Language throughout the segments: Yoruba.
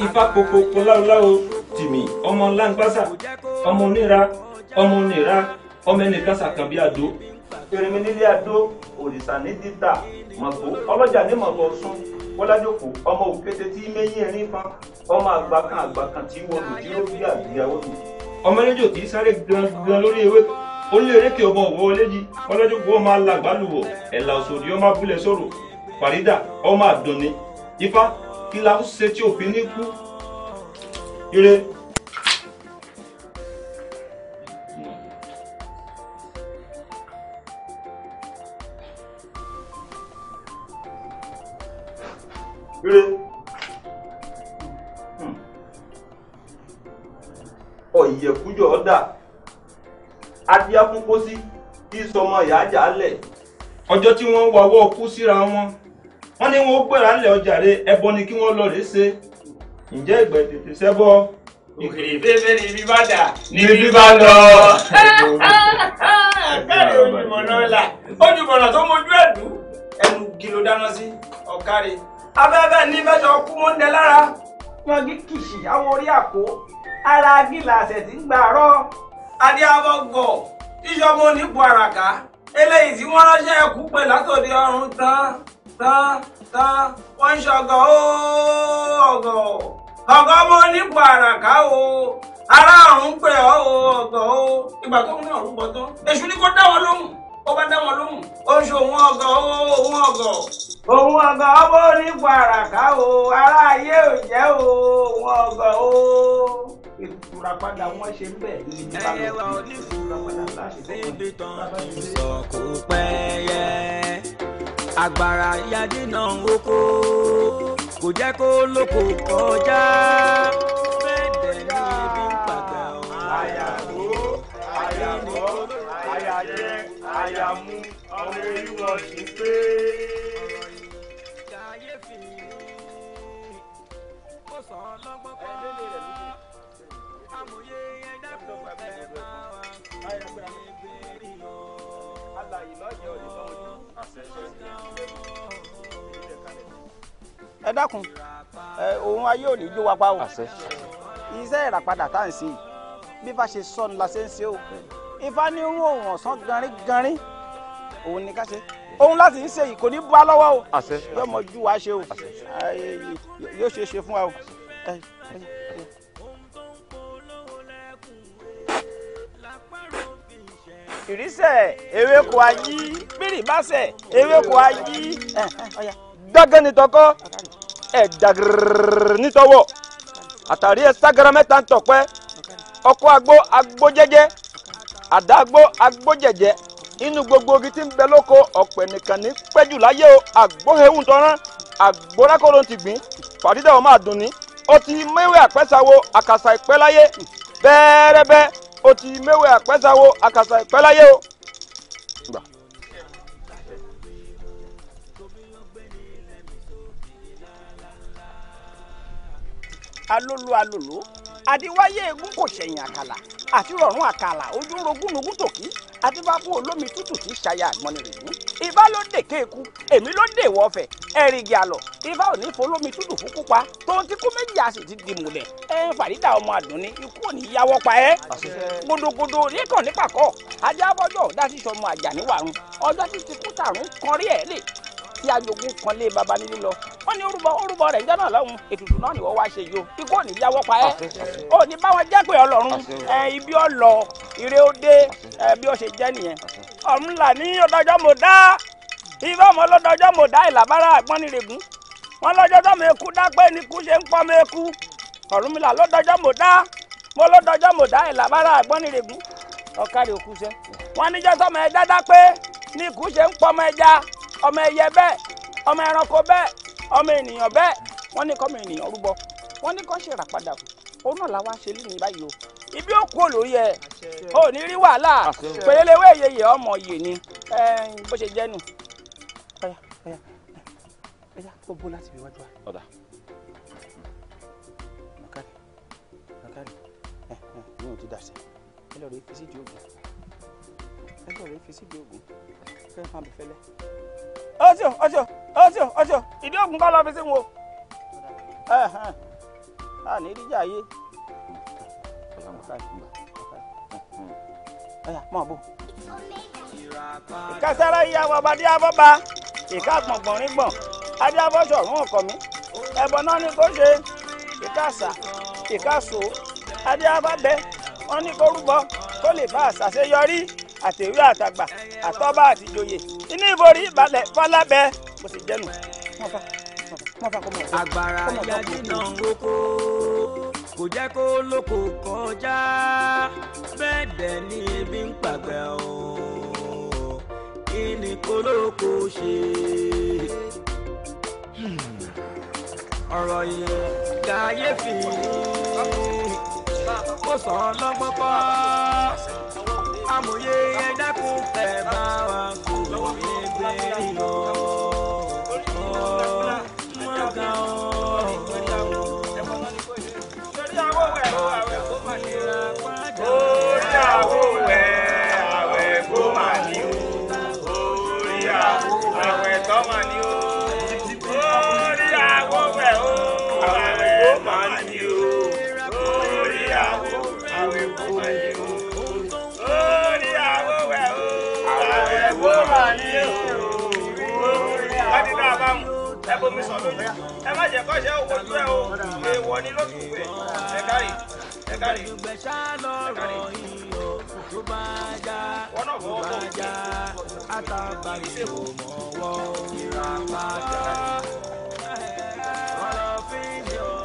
ifá popoko láoláwo tìmì ọmọ lángbásà ọmọ onira ọmọ onira ọmọ ẹnìkan sàkànbí àdó erimi nílé àdó òrìṣà ní dìtà mọ̀kó ọlọ́jà ní mọ̀kó sún kọ́lájòkó ọmọ òkété tí méyìn ẹ̀rín fan ọmọ àgbà kan àgbà kan tí wọ́n lò tí ó bí àgbéyàwó mi. ọmọ ẹlẹ́jọ́ kì í sáré gan-an lórí ewé ó lé eréke ọmọ òwò ọlẹ́jì kọ́lájòkó ọmọ alàgbà lùwọ̀ ẹ̀là òṣòdì ọmọ abúlé sọ̀rọ̀ fàrídà ọmọ àdùnní ifá kí la ṣe tí òfin ní kú ire. ire. ọ̀yẹ̀kújọ́ ọ̀dà adíákúnpọ́sí kí sọmọ ìyá àjà lẹ̀ ọjọ́ tí wọ́n wawọ́ kú síra wọn wọ́n ní wọn ó gbéra ńlẹ̀ ọjàre ẹbọ ni kí wọ́n lọ rèé ṣe ǹjẹ́ ìgbà tètè ṣẹ́bọ́. òkèrè bébé ni bí bá dà ni bí bá lọ. káàdì olùmọ̀nà ọ̀la olùmọ̀nà tó mojú ẹ̀dùn ẹnu gilo dáná sí ọ̀kárí abẹ́bẹ́ ní mẹ́jọ kú mọ́ndẹ lára. yanjú kìsì àwọn orí àpò ara gíláàsì ti ń gbàrọ. adé abọ́gbọ̀ iṣọ́ mo ní bu àràká eléyìí tí wọ́n ránṣẹ́ ẹkú pẹ̀ látòdì ọ̀run tán tán tán wọ́n ń ṣọ̀gọ̀ ọ̀gọ̀ ọ̀gọ̀ mo nípò àràká o ará ọ̀run pè ọ́ ọ̀gọ̀ o ìgbà tó ń náà rúbọ tán èṣù ni kò dá wọn lóhùn ó bá dá wọn lóhùn ó ń ṣe òun ọgọ òun ọgọ òun ọgọ ọbọ onígun àràká o ara ayé ò jẹ o òun ọgọ o. ìtura padà wọn ṣe bẹ́ẹ̀ ní ìtura lọ sí ìtura padà láti agbára yadé náà ń wókó kò jẹ́ kó lóko kọjá bẹ́ẹ̀ dẹ̀ ní ibi ń pàgà ọ̀hún. àyàwó àyàwó àyàjẹ àyàmú ọmọ olúwọ sí pé. amòye ẹ̀dá kò fẹ́ máa wà ní ìbéèrè lọ. alàyè ẹ dákun ẹ òun ayé òní jó wa pa o iṣẹ́ ìràpadà tá à ń ṣe bí bá ṣe sọ ni la ṣe ń ṣe o ifá ní ń òun ọ̀sán ganrin ganrin òun ni ká ṣe òun láti ń ṣe yìí kò ní bá lọ́wọ́ o yóò mọ ju wa ṣe o yóò ṣe ṣe fún wa o. ìrísẹ̀ ewéko ayí pírìbásẹ̀ ewéko ayi dágán ni tọkọ ẹ dàgìrìrì nítọwọ àtàrí ẹ ságara mẹ́ta ọkọ agbó agbó inú gbogbo igi tí ń bẹ lóko nìkan ní láyé o ti gbìn fàdídà ọmọ àdùnní ó ti otu imewe akpezao akaza ekpelaaalụlụ alụlụ adiwaya egwu seyin akala àti rọ̀rùn àkàlà ojú rogúnrogún tòkí àti bá fún olómi tútù tí ṣayà àgbọnni rè mú ifá ló dè kéeku èmi ló dè wọfẹ ẹrìgì àlọ ifá ò ní folómi tútù fún pupa tóun ti kú méjì a ti di mùlẹ̀ ẹ ń fàrídà ọmọ àdùnní ikú ò ní yáwọ́ pa ẹ́ gbódògbódò nìkan nípàkọ́ ajá bọ́jọ́ dá sísọ ọmọ àjà níwàrún ọjọ́ títí kú tàrún kan rí lè tí ajogun kan lé baba nílé lọ wọn ní orúbọ orúbọ rẹ jẹ náà lọhùn ètùtù náà nìwọ wá ṣe yìí o ikú òní yáwọ pa ẹ ò ní báwọn jẹ pé Ọlọ́run ẹ ibi ọlọ ire ó dé ẹ bí ó ṣe jẹ nìyẹn ọ̀run là ní ọdọjọ́ mo dá ibà ọmọ lọ́dọjọ́ mo dá ìlàbára àgbọn nírègún wọn lọ́jọ́ tó mi kú dápẹ́ ni kú ṣe ń pọ́ mi kú ọ̀run mi là lọ́dọjọ́ mo dá mo lọ́dọjọ́ mo dá ìlàbára àgbọn nírègún ọ̀kadì òkú sẹ́ wọn níjọ́ tó mi ẹ dáadáa pé ni kú ṣe ń pọ́ mi ẹja ọmọ ẹyẹ bẹ́ẹ̀ ọmọ ẹranko bẹ́ẹ̀ ọmọ ènìyàn bẹ́ẹ̀ wọ́n ní kọ́mọ ènìyàn rúbọ wọ́n ní kọ́ ṣèrà padà òun náà làwọn aṣèlú ní báyìí o ibi ò kú olórí ẹ ò ní rí wàhálà pèléléwé yeye ọmọ yìí ni bó ṣe jẹ́nu. ẹyà kó bó láti fi wájú wa. makari makari ẹ ẹ mi ò ti dà sí ẹ lọ rí fisidi oògùn ẹ lọ rí fisidi oògùn fẹ́ fan bẹ̀ fẹ́lẹ́. ọjọ́ ọjọ́ ọjọ́ ọjọ́ ìdí ògùn kọ́ lọ fi sí wọn o. a ní ìdíjà yé. ọyà mọ̀ bò. ìkására yìí afọba dí afọba ìka gbọ̀ngbọ̀nrín gbọ̀n adé afọ́sọ̀ ọ̀run ọkọ̀ mi ẹ̀bọ̀n náà ni kò ṣe ìkásà ìkásò adé afábẹ́ wọn ní kó rúbọ kó lè bá àṣàṣeyọrí àtẹ̀wé àtàgbà àtọ́bà àtìjòyè inú ìborí balẹ̀ falábẹ́ mo sì jẹ́nu agbára yadina oko kò jẹ́ kó lóko kọjá bẹ́ẹ̀ dẹ̀ ni ebi ń pàgbẹ́ o kí ni kólókó ṣe ọ̀rọ̀ yẹn kàyéfì ó sọ ọ́ lọ́gbọ́n kọ́ amòye ẹ dákun ẹ bá wa kó ebè lọ. Orí àwo wẹ̀ orí bomi sọ lójú ẹ má jẹ́ kọ́ṣẹ́ ojú ẹ o èèwọ̀ ni lójú ìwé ẹ kárì ẹ kárì ẹ kárì. wọ́n náà fọwọ́ bọ̀ wípé, àtàbàrí ṣe kò mọ̀ wọ́n, ìràpadà, wọ́n lọ fi ń jẹ́ ọ́, ojú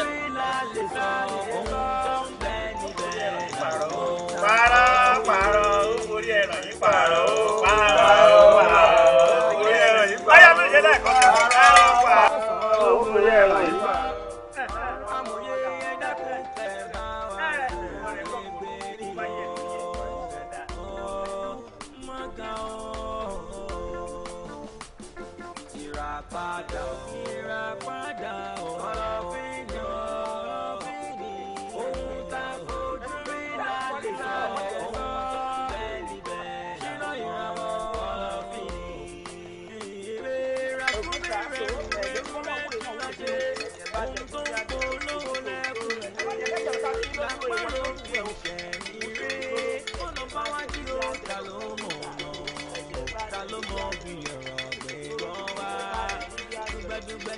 ìlà lè sọ ohun tó ń bẹ níbẹ̀. Pààrọ̀ pààrọ̀ ó borí ẹ̀ràn yín pààrọ̀ ó.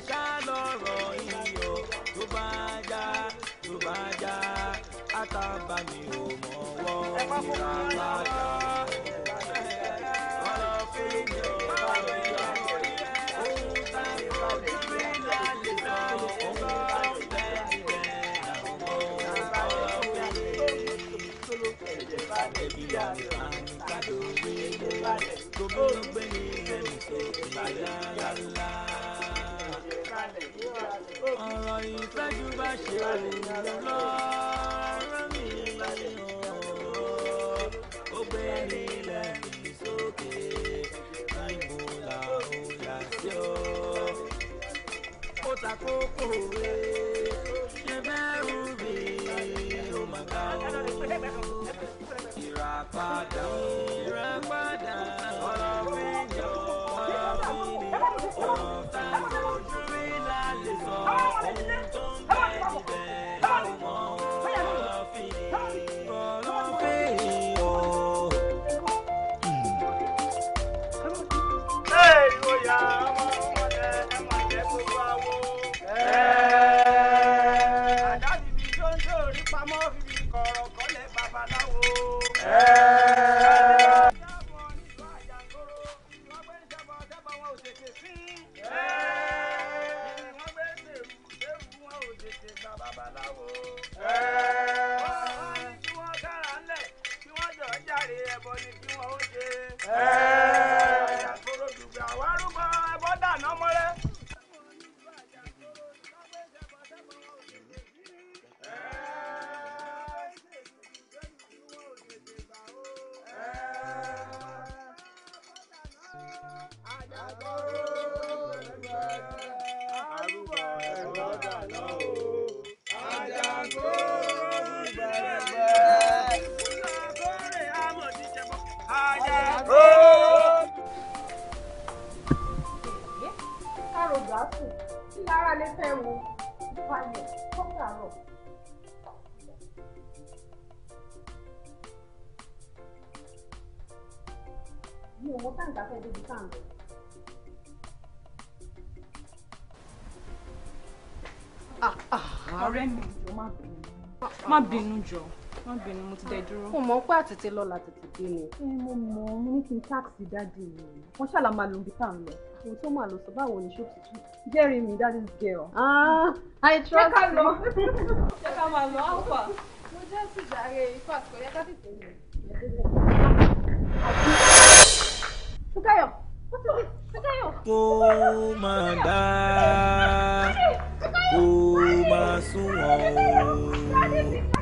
ká lọ́rọ̀ iyọ̀ tó bá já tó bá já àtàbà mi ò mọ̀ wọ́n ìlà bàjá. ọ̀rọ̀ fèrè ni ó bá mi yọ ohun tá a sọ nígbà lálẹ́ sọ ohun tá a fẹ́ níbẹ̀ làwọn ohun tá a fẹ́ níbẹ̀. ẹ̀jẹ̀ bá lè bí àmì àmì kádò gbé lé tó bó gbé ní bẹ́ẹ̀ ní tó ìbàdàn yàrá ọ̀rọ̀ ìfẹ́jú bá ṣe lọ́rọ́ mi ó gbé nílẹ̀ mi sókè níbo la ó yà sí ọ. ó ta kókó rẹ̀. tètè lọ la tètè dé ni. ẹ mo mọ mo ní kí n táàkì dáàdi mi wọn ṣàlà máa lo ibi tá lọ ohun tó máa lọ sọ báwo ni ṣó tuntun jẹ́rìí mi that is girl. ah i trust you. ṣé ká lọ ṣé ká máa lọ àpà. mo jẹ́ sùjàre ifá kò yẹ ká tètè lọ. Fúkáyọ̀ Fúkáyọ̀. máa dá kó máa sunwọ̀n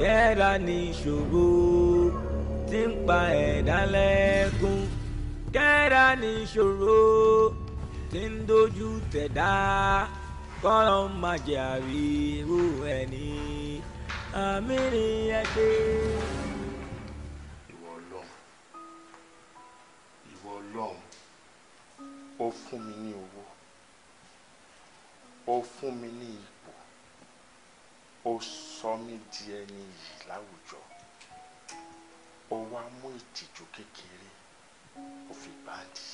kẹ́ra ni ìṣòro tí ń pa ẹ̀dá lẹ́kún kẹ́ra ní ìṣòro tí ń dojú tẹ̀dá kọ́lọ́ máa jẹ́ àríwó ẹni àmì rìn ẹgbẹ́. ìwọ ọlọ́run ìwọ ọlọ́run ó fún mi ní owó ó fún mi ní ipò ó sọ mí di ẹni yìí láwùjọ ó wá mú ìtìjú kékeré ó fi gbáǹdì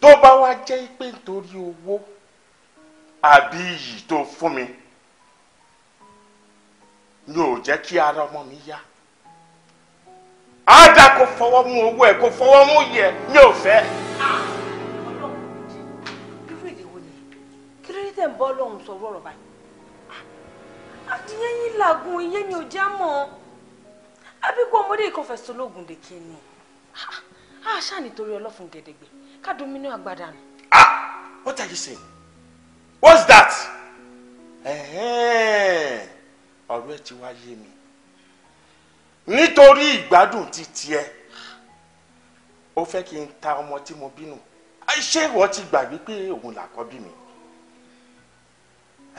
tó bá wá jẹ́ pé nítorí owó àbí iyì tó fún mi ni ò jẹ́ kí ara ọmọ mi yá àádá kò fọwọ́ mú owó ẹ̀ kò fọwọ́ mú yẹ ní òfẹ́. irú èdè wo ni kí ló dé tẹ̀ ń bọ́ lóhùn sọ ọ̀rọ̀ báyìí adìyẹ yín làágùn iye mi ò já mọ́ abíkú ọmọdé kan fẹ́ sológun de kí ni a ṣá nítorí ọlọ́fun gẹ̀dẹ̀gbẹ̀ ká dominú àgbàdà nù. ah what are you saying what's that ọ̀rọ̀ ẹ ti wá yé mi nítorí ìgbádùn ti tiẹ̀ ó fẹ́ kí n ta ọmọ tí mo bínú ṣé ìwọ ti gbàgbé pé òun làkọ́ bí mi.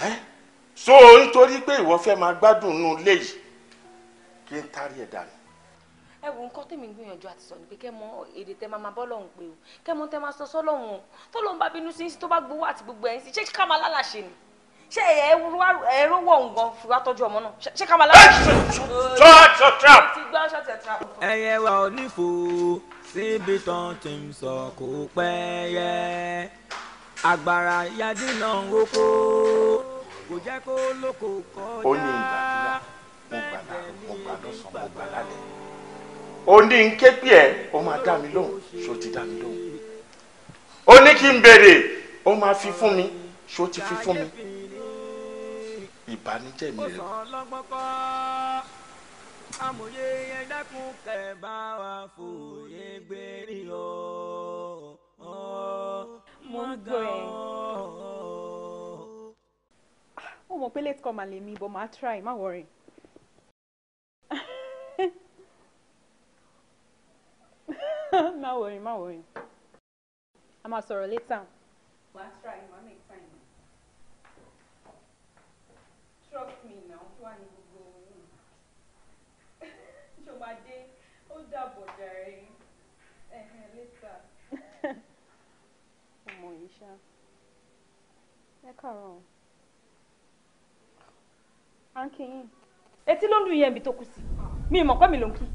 Eh? so nítorí pé ìwọ fẹ́ máa gbádùn inú ilé yìí kí n tarí ẹ̀ dànù. ẹ wo nǹkan tèmi gbìyànjú àti sọ ni pé kẹ́ mọ èdè tẹ́ máa máa bọ́ lọ́hùn pé o kẹ́ mọ tẹ́ máa sọ sọ́lọ́hùn o tọ́lọ́hùn bá bínú sí tó bá gbowó àti gbogbo ẹ̀yìn sí ṣé ká máa lálàṣe ni ṣé ẹ̀rọ wọ̀ ń gan fi wá tọ́jú ọmọ náà ṣé ká máa lálàṣe. ẹyẹ wa ò ní fò síbi tán ti ń sọ kò pẹ́ yẹ agbára yadínà ń wókó ó ní ìgbàdúrà mo gbàdá mo gbàdọ̀ sàn mo gbàdá lẹ̀ ó ní n ké pè ẹ́ ó máa dá mi lóhùn ṣó ti dá mi lóhùn ó ní kí n béèrè ó máa fi fún mi ṣó ti fi fún mi ìbànújẹ́ mi rẹ̀ amòye ẹ̀dákun kẹ̀bá wa fòye gbèrè ọ̀ ọ̀ mo gbọ́ ẹ̀ ó mọ̀ pé late come and lè mi but màá try má worry. má worry má worry a máa sọ̀rọ̀ later. màá try màá make time. trust me now kí wàá ní gbogbo ṣọmadé ó dàbọ̀ jàre ẹ̀hìn later. ọmọ yìí ṣá ẹ kàrọ̀ Eti ń kéyìn ló ń dùn yẹn ibi tó kù sí mi ìmọ̀ pẹ́ mi ló ń kí.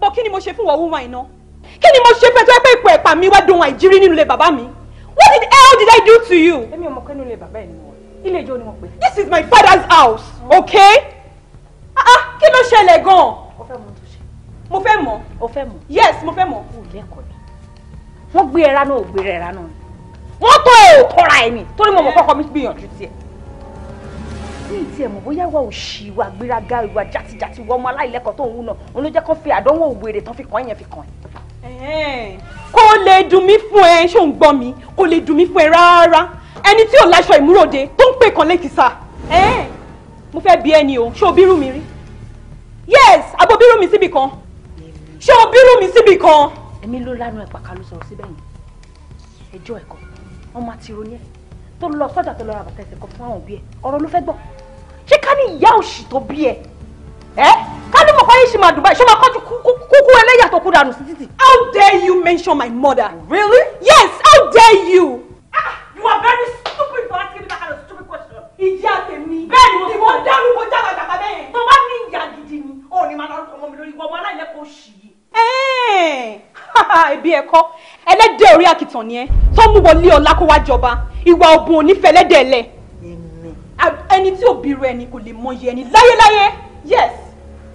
bọ́ kí ni mo ṣe fún wọ́n wúwa iná kí ni mo ṣe fẹ́ tó ẹ pé ipò ẹ̀pà mi wá dohun àìjírí nínú ilé bàbá mi what the hell did I do to you. èmi ò mọ̀ pé nínú ilé bàbá ẹ̀ ni wọ́n ilé ìjọ ni wọ́n pè. this is my father's house okay. Ah, ah, kí ló ṣẹlẹ̀ gan-an. o fẹ́ mọ̀ tó mo fẹ́ mọ̀. o fẹ́ mọ̀. yes mo fẹ́ mọ̀. o lẹ́kọ̀ọ́ ni wọ́n gbé ẹ̀rá náà ò gbé ẹ̀rá náà ni wọ́n tó ẹ̀ ò tọ́ra ẹ̀ torí mo mọ̀ kọ́kọ́ mi gbìyànjú tiẹ̀ tí ìtì ẹ̀ mọ̀ bóyá wà ò ṣì wà gbéraga ìwà játijàti wọ ọmọ aláìlẹ́kọ̀ọ́ tó ń wú náà òun ló jẹ́ kó fi àdánwò òwèrè tán fi kàn yẹn fi kàn ẹ́. kó lè dùn mí fún ẹ ṣó ń gbọ́ mi kó lè dùn mí fún ẹ rárá ẹni tí ò láṣọ ìmúròde tó ń pè kan lẹ́kìsà. mo fẹ́ bi ẹni o ṣé o bírù mi rí yes abo bírù mi síbì kan ṣé o bírù mi síbì kan. èmi ló lánàá ẹ̀ pàkà sọ̀rọ̀ síbẹ̀ yẹn ẹjọ́ ẹ̀kọ́ ọmọ àti ìròyìn ẹ tó lọ sọ́jà tó lọ ra bàtà kan fún àwọn òbí ẹ ọ̀rọ̀ ló fẹ́ gbọ́ ṣé ká ní ìyá òṣì tó bí ẹ ẹ ká ní mọ̀kọ́ yìí ṣe máa dùbà ṣé máa kọ́jú kúkú ẹlẹ́yà tó kú dànù sí títì. how dare you mention my mother. really. yes how dare you. ah you are very stupid for asking me that kind of stupid question. ìyá tèmi. bẹ́ẹ̀ni mo ti mọ dárú mo jágàjàgà bẹ́ẹ̀. tó bá ní ìyá gidi ni òun ni màá lọ rúkọ mọ́ mi lórí ìwọ ọmọ aláìlẹ́kọ̀ọ́ ibi ẹ̀kọ́ ẹlẹ́dẹ̀ orí àkìtàn ni ẹ tó mú wọlé ọlá kó wá jọba ìwà ọ̀bùn onífẹ́ ẹlẹ́dẹ̀ lẹ̀ ẹni tí òbí rẹ̀ ni kò lè mọyì ẹni láyéláyé yes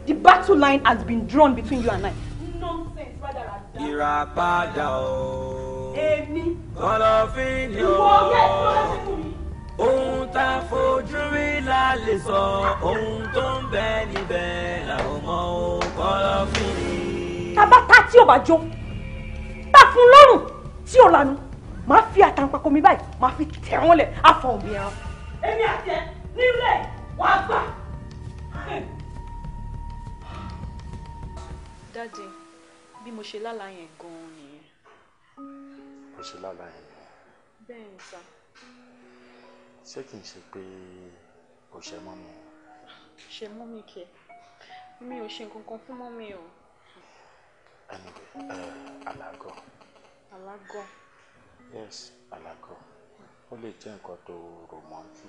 the battle line has been drawn between you and I. nonsense rádaràda. o. èmi. kọlọfin ni o. ohun tá a fojú rí la lè sọ ohun tó ń bẹ níbẹ̀ làwọn ọmọ kọlọfin tábà tá tí ò bá jó tá fún lọ́rùn tí ò lanu màá fi àtàǹpàkò mi báyìí màá fi tẹ̀ wọ́n lẹ̀ àfọ̀ òbí ẹran. èmi àti ẹ nílẹ̀ wàá gbà. dáàdi bí mo ṣe lálàá yẹn gan-an nìyẹn. mo ṣe lálàá yẹn. bẹ́ẹ̀ ni sá. ṣé kì í ṣe pé o ṣe mọ́ mi. ṣe mọ́ mi kẹ́ mi ò ṣe nǹkan kan fún mọ́ mi o and uh, alago. alago. yes alago O lè jẹ́ nǹkan tó rò mọ́ jù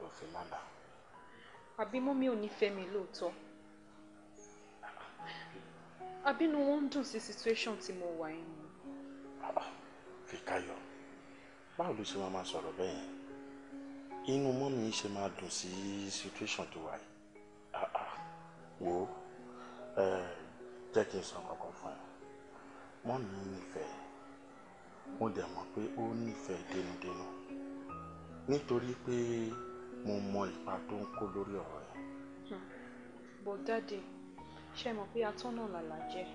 ló fi lálàá. àbí mọ́mí ò ní fẹ́ mi lóòótọ́ ah. àbínú wọn ń dùn sí situation tí mo wà yìí ni. Ah, fìkáyọ̀ báwo ló ṣe máa máa sọ̀rọ̀ bẹ́ẹ̀ yẹn inú mọ́mí ṣe máa dùn sí situation tó wà yìí ah, wo jẹ́ kí n sọ nǹkan kan mọ́ mi nífẹ̀ẹ́ mo dẹ̀ mọ̀ pé ó nífẹ̀ẹ́ dénúdénú nítorí pé mo mọ ipa tó ń kó lórí ọ̀rọ̀ yẹn. bó dáde ṣe mọ̀ pé atọ́nà làlà jẹ́.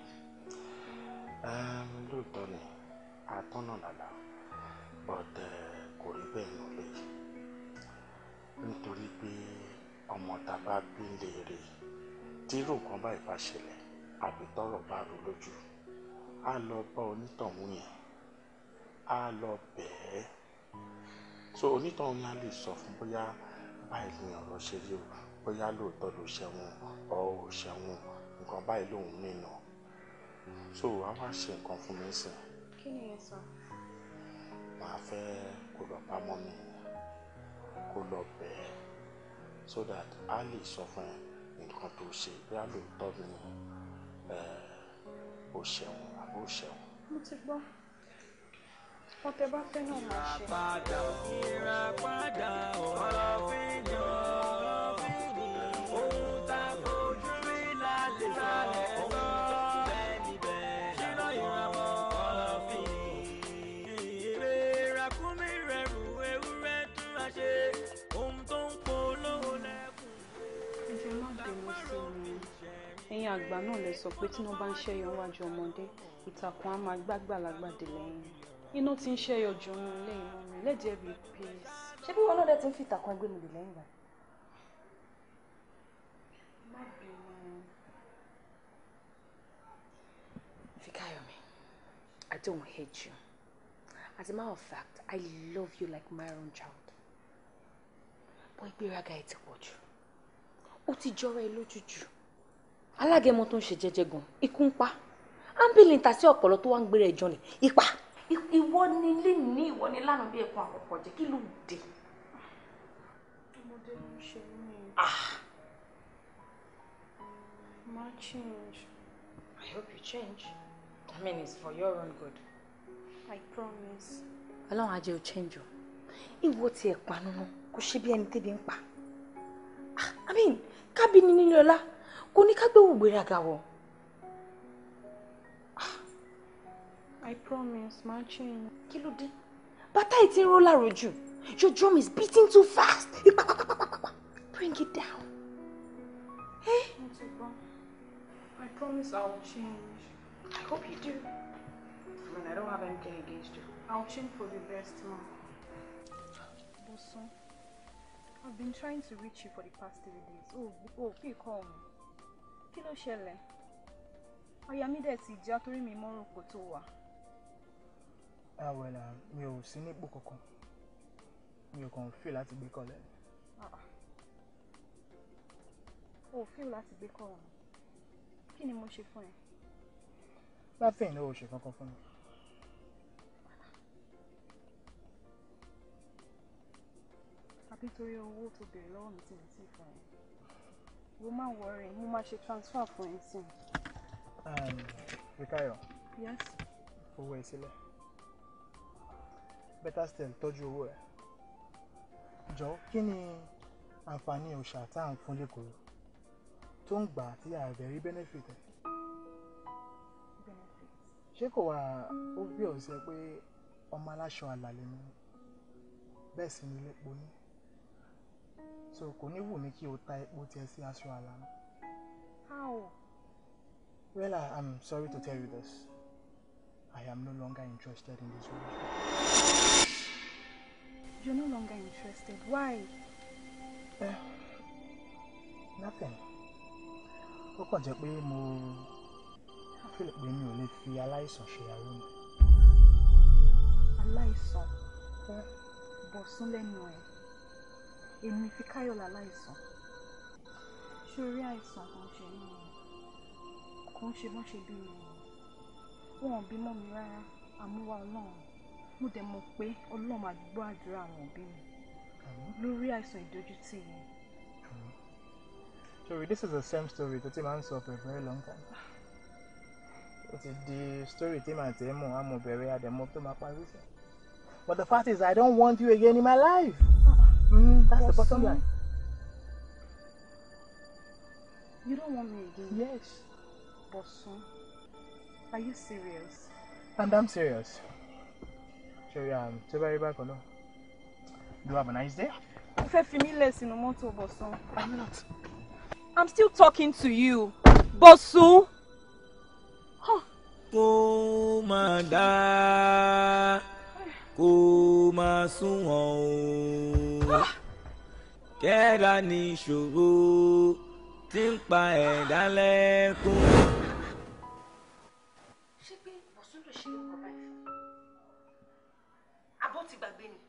lóòótọ́ ni atọ́nà làlà but eh, kò rí bẹ́ẹ̀ nílé nítorí pé ọmọ tá a bá bí léèrè tí irú nǹkan báyìí bá ṣẹlẹ̀ àbí tọ́rọ̀ bá rú lójú á lọ bá onítọ̀hún yẹn á lọ bẹ̀ẹ́ so onítọ̀hún yẹn á lè sọ fún bóyá báyìí ni ọ̀rọ̀ ṣe rí o bóyá lóòótọ́ ló ṣẹ̀wọ̀n ọ̀ ò ṣẹ̀wọ̀n nǹkan báyìí lòun mìíràn so a wá ṣe nǹkan fún mi sìn. kí ni ẹ sọ. màá fẹ́ kó lọ bá mọ́ mi kó lọ bẹ̀ẹ́ so that a lè sọ fún ẹ nǹkan tó ṣe bóyá lóòótọ́ ni ó ṣẹ̀wọ̀n o ṣeun. mo ti gbọ́ ọtẹ bá fẹ́ náà máa ṣe. ìràpadà ìràpadà ọ̀rọ̀ fi yàn. ẹ̀yin àgbà náà lè sọ pé tí wọ́n bá ń ṣẹ́yọ wájú ọmọdé ìtàkùn á máa gbàgbàlagbà dè lẹ́yìn iná ti ń ṣẹ́yọ jù ú nílé ìmọ̀ mi let there be ṣé bí wọn náà dẹ̀ ti ń fi ìtàkùn ẹgbẹ́ mi dè lẹ́yìn ìgbà. Fikayomi, I don't hate you. As a matter of fact, I love you like my own child. Bọ́ ìgbéraga ẹ̀ ti pọ̀ jù. Ó ti jọra ẹ lójú jù alágẹmọ tó ń ṣe jẹ́jẹ́ gan ikú ń pa áńbìlì ń ta sí ọpọlọ tó wá ń gbéra ẹjọ ni ipa. ìwọ ni léni ìwọ ni lánàá bí ẹkún àkọ́kọ́ jẹ kí ló dé. ọmọdé ló ń ṣe mí. Ah. má change. I hope you change. I mean it's for your own good. I promise. ọlọ́run ajé ò change o ìwọ tiẹ̀ pa nínú kò ṣe bí ẹni tẹ́bi ń pa. Ah, I mean kábíyèsí nílé ọlá kò ní ká gbéwò gbéraga wọ. Ah, I promise, ma change. Kí ló dé? Bàtà yìí ti ń ró láròjù. Your drum is beating too fast. Bring it down. Hey. I promise I'll change. I hope you do. I mean, I don't have anything against you. I'll change for the best, ma. Bosun, I've been trying to reach you for the past three days. Oh, oh, you call me kí ló ṣẹlẹ̀ ọyà mi dẹ̀ ti já torí mi mọ́rùn kò tó wà. àwẹ̀là ah, um, mi ò sí nípò kankan mi ò kàn fíì láti gbé kọ́ lẹ́nu. Ah, o ò fíì láti gbé kọ́ ọ̀hún kí ni mo ṣe fún ẹ. láti ìnáwó ṣe kankan fún mi. àbí torí owó tó béèrè lọ́wọ́ mi tí mo ti fún ẹ. Mo máa worry, mo máa ṣe transfer fún ẹ sí. Um, Rikayo. Yes. Owó is it? Better still tọ́jú owó ẹ. Jọ̀ọ́ kí ni àǹfààní òòṣà tá à ń fún lẹ́kọ̀ọ́ tó ń gbà tí ààrẹ rí benefit ẹ̀? Ṣé kò wá ó bí ọ̀sẹ̀ pé ọmọ aláṣọ àlàlẹ́ so kò ní wù mí kí o ta epo tiẹ̀ sí aṣọ àlà how. well I am sorry to tell you this I am no longer interested in this relationship. you're no longer interested why. Eh, nothing ó kàn jẹ́ pé mo fílẹ̀ pé mi ò lè fi aláìsàn ṣèyàwó mi. aláìsàn eh. bọ̀ sún lẹ́nu ẹ̀ èmi fi káyọ̀lá láìsàn sórí àìsàn kan ṣe ní kan ṣe wọ́n ṣe bí wọn bí mọ́ mi rárá àmúwá ọlọ́run mo dẹ̀ mọ̀ pé ọlọ́run máa àdúrà àwọn òbí mi lórí àìsàn ìdójútì yìí. sorry this is the same story tó ti máa ń for a very long time ó ti the story tí màá tẹ́ mọ̀ àmọ̀ bẹ̀rẹ̀ àdẹ̀mọ́ to my parí but the fact is I don't want you again in my life. Ah. That's the bottom line. You don't want me again? Yes. Bosun, are you serious? And I'm serious. Sherry, um, back or no? Do have a nice day? Ó fẹ́ fi mí lẹ̀ sínú mọ́tò, Bosun. I'm not. I'm still talking to you, Bosu. Huh. Kò mà dá, kò mà sunwọ̀n kẹ́ra ní ìṣòro tí ń pa ẹ̀dá lẹ́kún. ṣé pé bọ̀súndò ṣe ń kọ́ báyìí abọ́ ti gbàgbé ni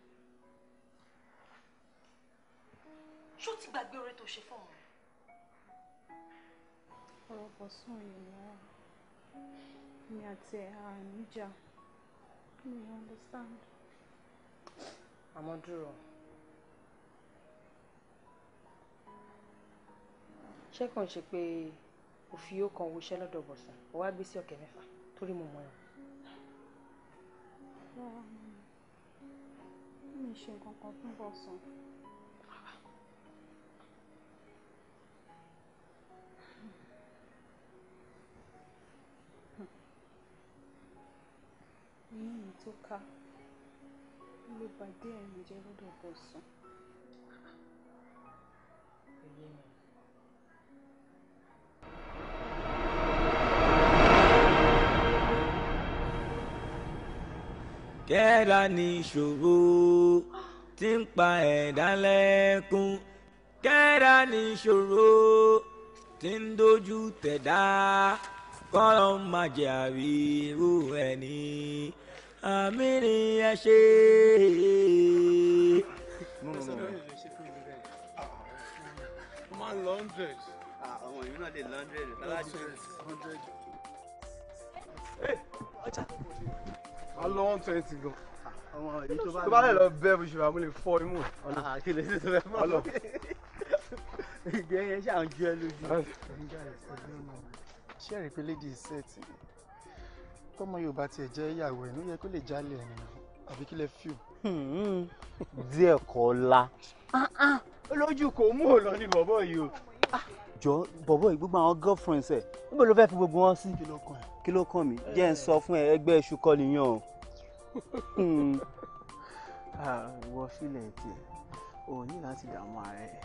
ṣó ti gbàgbé oore tó ṣe fún ọmọ rẹ. ọ̀rọ̀ bọ̀sùn yìí ni wọ́n mi àti ẹ̀hà níjà mi understand. àmọ́ dúró. ṣé kàn ṣe pé òfin yóò kan owó iṣẹ́ lọ́dọ̀ bọ̀sán ó wá gbé sí ọ̀kẹ́ mẹ́fà torí mo mọ̀ ẹ́. mi ṣe kankan fún bọ̀sán. inú mi tó ká ló bá dé ẹ̀rìn jẹ́ lọ́dọ̀ bọ̀sán. kẹ́ra ní ìṣòro tí ń pa ẹ̀dá lẹ́kún kẹ́ra ní ìṣòro tí ń dojú tẹ̀dá kọ́lọ́ máa jẹ́ àríwó ẹni àmì ni ẹ ṣe. máa ń lọ hundred. Ah, ọmọ ìlú náà lè lọ hundred. hundred. ọjà a twenty gan. Ah, tó bá lè lọ bẹ́ẹ̀ bó ṣe wà mo lè fọ imú ẹ̀. Ah, kí lè ṣe tó fẹ́ fọ́ lọ. ìgbẹ́ yẹn ṣáà ń jẹ́ lójú. ṣé ẹ̀rí pé lady sẹ́ẹ̀tì kọ́mọ Yorùbá tiẹ̀ jẹ́ ìyàwó ẹ̀ ló yẹ kó lè jálẹ̀ ẹ̀ nìyẹn àbí kí lè fi o. díẹ̀ kọ́ la. Ah, olójú kò mú òun lọ ní bọ̀bọ̀ yìí o jọ bọ̀bọ̀ gbogbo àwọn girlfriends ẹ̀ níbo ló fẹ́ fi gbogbo wọn sí. kí ló kàn mí jẹ́ ń sọ fún ẹgbẹ́ iṣu kọ́ nìyẹn o. àwọ ah, sílẹ̀ tiẹ̀ o ní láti dààmú ara ẹ̀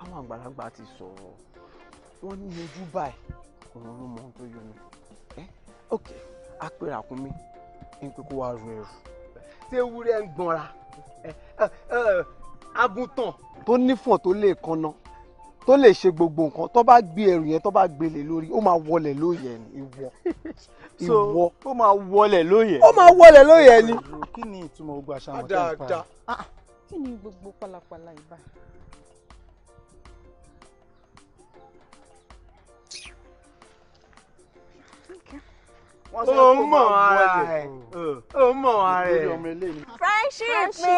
àwọn àgbàlagbà ti sọ̀rọ̀ wọ́n ní ojú báyìí òun ló mọ ohun tó yọnu. ok apẹ̀rẹ̀ àkúnmí ẹ̀ ń pẹ́ kó wá ru ẹrù ṣé ewúrẹ́ ń gbọ́nra àgùntàn tó nífọ̀n tó lè kanna tó lè ṣe gbogbo nǹkan tó bá gbé ẹrù yẹn tó bá gbélé lórí ó máa wọlẹ̀ lóye ni ìwọ ìwọ ó máa wọlẹ̀ lóye ó máa wọlẹ̀ lóye ni. kí ni ìtumọ̀ gbogbo àṣà ah, àwọn tẹ́ ah, kí ni gbogbo pálapàla ìbá ó mọ̀ ara ẹ̀ ó mọ̀ ara ẹ̀. friendship mi.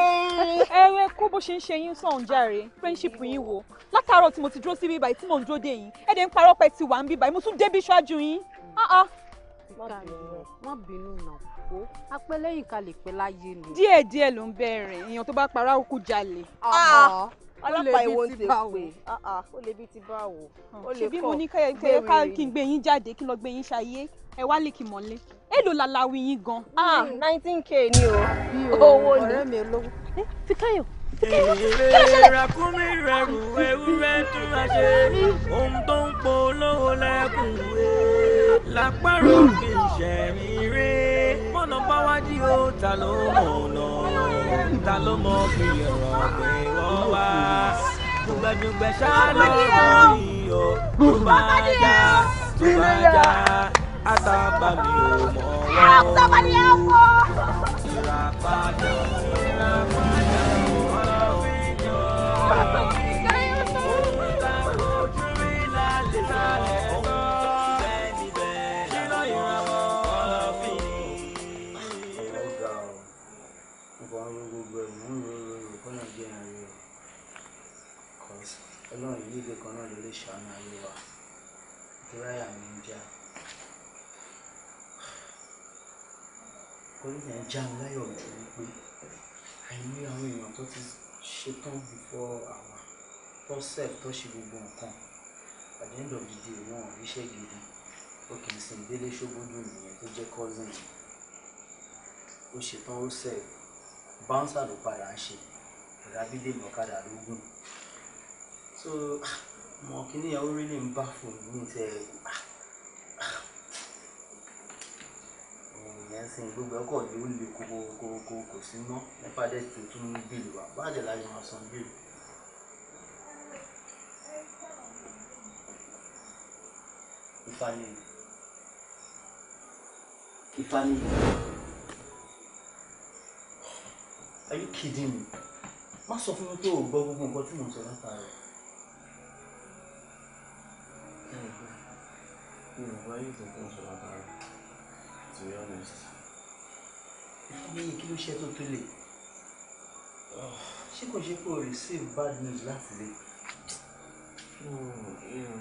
ẹ̀rẹ̀ kó bó ṣe ń ṣe yín sàn jàre friendship yín wo látàárọ̀ tí mo ti dúró sí bíbá yìí tí mò ń dúró dé yín ẹ̀dẹ̀ ń parọ́ pẹ̀ ti wà ń bíbá yìí mo tún débi ṣáájú yín. Ah, ah. má bínú náà kó apẹ́ lẹ́yìn kalẹ̀ pẹ́ láyé ni. díẹ̀díẹ̀ ló ń bẹ̀rẹ̀ èèyàn tó bá parọ́ àkókò jalè ọlọ́pàá ìwo ń tè pé ó lè bí ti bá wò ó lè kọ́ ṣèbí mo ní kẹ́yẹ ká kí n gbé yín jáde kí n lọ gbé yín ṣayé ẹ wá lè kí mọ́lé èlò làlàwí yín gan. ah mm. nineteen k ni o owó ni ọ̀rẹ́ mi olówó. Fikayo ìrẹ̀kúnrin rẹ̀rù ewúrẹ́ tó bá ṣe ohun tó ń po olówó lẹ́kùn wẹ̀. lápárò kì í ṣẹ̀rìn mọ̀nà báwájú ó ta ló mọ̀ ọ̀nà ta ló mọ̀ fi ọ̀rọ̀ pé wá dùgbẹ̀dùgbẹ̀ ṣá lọ́rùn yìí o tó bá já tó bá já àtàbà mi ò kan náà ló lè ṣàánú ayé wa ìdúráyà mi ń já orí yẹn já mi láyọ̀ jù wípé àìní àwọn èèyàn tó ti ṣetán before àwa tó sef tó ṣe gbogbo nǹkan at the end of the day wọn ò ríṣẹ́ gidi ó kì í sin délé ṣógbódù nìyẹn tó jẹ́ cousin ó ṣetán ó sef bouncer ló padà ń ṣe ìrábídé ìmọ̀kadà ló gùn so mọ kíní yẹn ó rí lè ń bá fún mi ní tẹ ìyẹn sin gbogbo ẹkọ ni ó le koko koko kò sí ná nípa dẹ tuntun ní bíìlì wa bájẹ́ láyé máa san bíìlì. ìfanilì ìfanilì are you kidding me má sọ fún mi pé o gbọ́ gbogbo nǹkan tí mo sọ látara rẹ̀. You know, bad news láti lè? You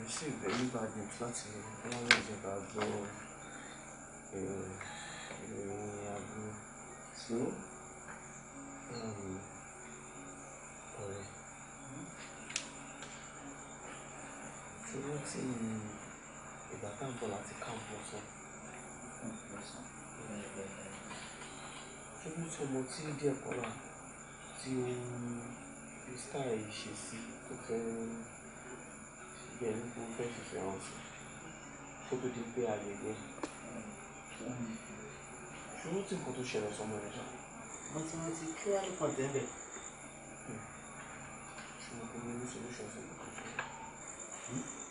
receive very bad news láti lè. Wọ́n lè jẹ́ ká gbọ́ eh, ìròyìn àbúrò. So, um, ti rántí ìgbà tá ń bọ̀ láti camp lọ́sàn. Ṣébí tí ọmọ tí díẹ̀ kọ́ra tí ó fi style ṣe sí tó fẹ́ bẹ̀ nípa ó fẹ́ fìfẹ́ hàn sí kó tó di pé ayẹyẹ. Ṣùgbọ́n tí nǹkan tó ṣẹlẹ̀ sọmọ rẹ̀ ṣá. Hmm. Wọ́n ti rántí kí wàá lókàn tẹ́lẹ̀. Ṣùgbọ́n kò ní solution sí nǹkan tó ṣẹlẹ̀. Hmm?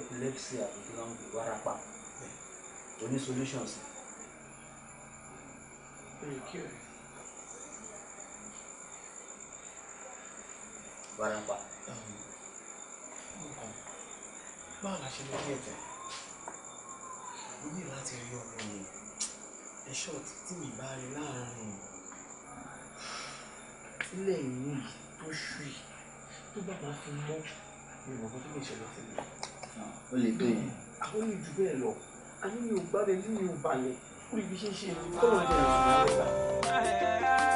epilepsy àbí kí wọ́n ń pè wárápá tó ní solutions. wárápá. báwo la ṣe lè rí ẹ̀jẹ̀ mo ní láti rí ọmọ yìí ẹ ṣọ́ọ̀tì tí mi bá rí láàárín ilé ìwé tó ṣù tó bá máa fi mọ́ ìrànwọ́ tó lè ṣẹlẹ̀ sí ó lè tó yẹn. àwọn yóò jù bẹ́ẹ̀ lọ àní mi ò gbá bẹ́ẹ̀ bí mi ò balẹ̀ ó lè fi ṣe ṣe èmi kọ́ lọ́ọ́ jẹ́ ìṣòro rẹ̀.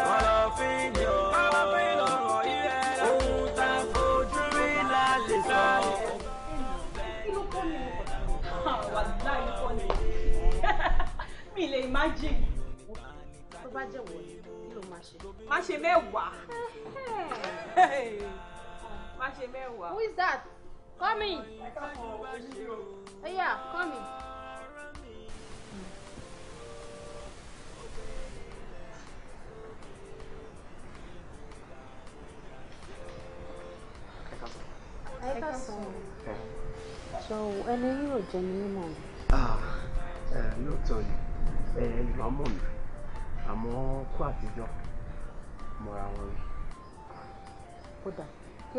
wọ́n lọ fi yọ wọ́n fi lọ́rọ̀ yẹ ohun tá a fojú rí lálẹ́ sọ. kí ló kọ́ ni wà láì kọ́ ni mi lè imagine tó bá jẹ́ wọ̀nyí kí ló máa ṣe. má ṣe mẹ́wàá má ṣe mẹ́wàá. who is that kọ́mì ẹ̀yà kọ́mì. so ẹni yóò jẹ ní mímọ mi. lóòótọ́ ni ẹ̀yìn máa mọ̀ mí a kó àtijọ́ mọ̀ra wọn rí. kódà kí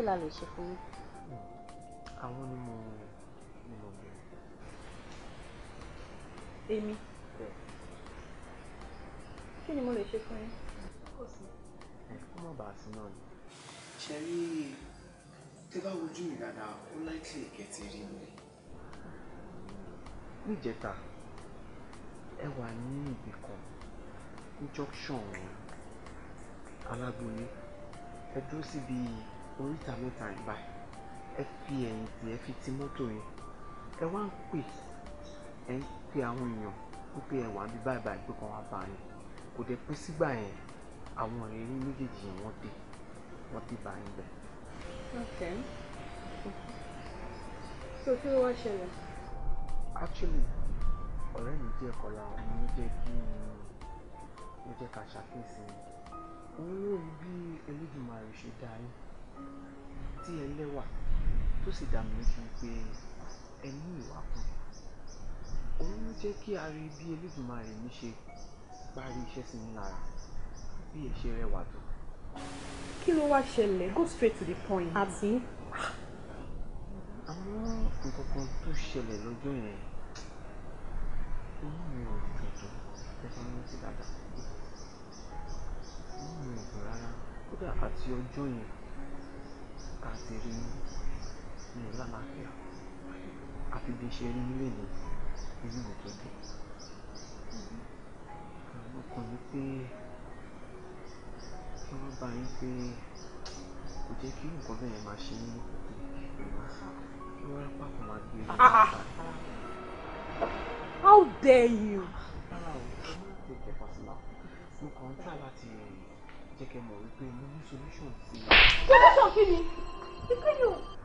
àwọn ni mo ni mo gbé. èmi kí ni mo lè ṣe fún yín. kò sí. ẹ kó má bàa sí náà ni. ṣe rí tẹ́ bá wojú mi dáadáa ó láìkìlì kẹtì rí mi. níjẹta ẹ wà ní ibì kan ní junction alágbóni ẹ dúró síbi oríta mẹ́ta ìbáyìí ẹ fi ẹ̀yìn tì ẹ fi ti mọ́tò yẹn ẹ wá ń pè ẹ ń pe àwọn èèyàn wípé ẹ wà ń bí báyìí báyìí pé kàn wá bá yín kò dé pín sígbà yẹn àwọn ọ̀rẹ́ méjèèjì yẹn wọ́n dé wọ́n dé bá yín bẹ̀. ok so kí ló wá ṣẹlẹ̀. actually ọ̀rẹ́ mi jẹ́ ẹ̀kọ́ la òun ló jẹ́ kí n ló jẹ́ ká ṣàkíyèsí òun yóò rí bí Elédùmarè ṣe dá yín tí ẹ lẹ́wà tó sì dá mi lójú pé ẹ ní ìwà kan òun ló jẹ́ kí a rí bí Elédùmarè mi ṣe parí iṣẹ́ sí mi lára bí ẹ ṣe rẹwà tó. kí ló wáá ṣẹlẹ̀ go straight to the point. àbí. àwọn nǹkan kan tó ṣẹlẹ̀ lọ́jọ́ yẹn inú mi ò dùn tó ẹ fẹ́ mi sí dáadáa inú mi ò dùn rárá kódà àti ọjọ́ yẹn kà á ti rí mi mi ò lálàáfíà àfi bí ṣe rí nílé ní inú mi tó dé ní pé kí wọ́n bá yín pé kò jẹ́ kí nǹkan bẹ́ẹ̀ máa ṣe ní kí wọ́n rápá kan máa gbé e. How dare you? mo kàn ń tà láti jẹ́ kẹ́ mọ̀ wípé mo ní solution sí i. solution kí ni? ìpínlẹ̀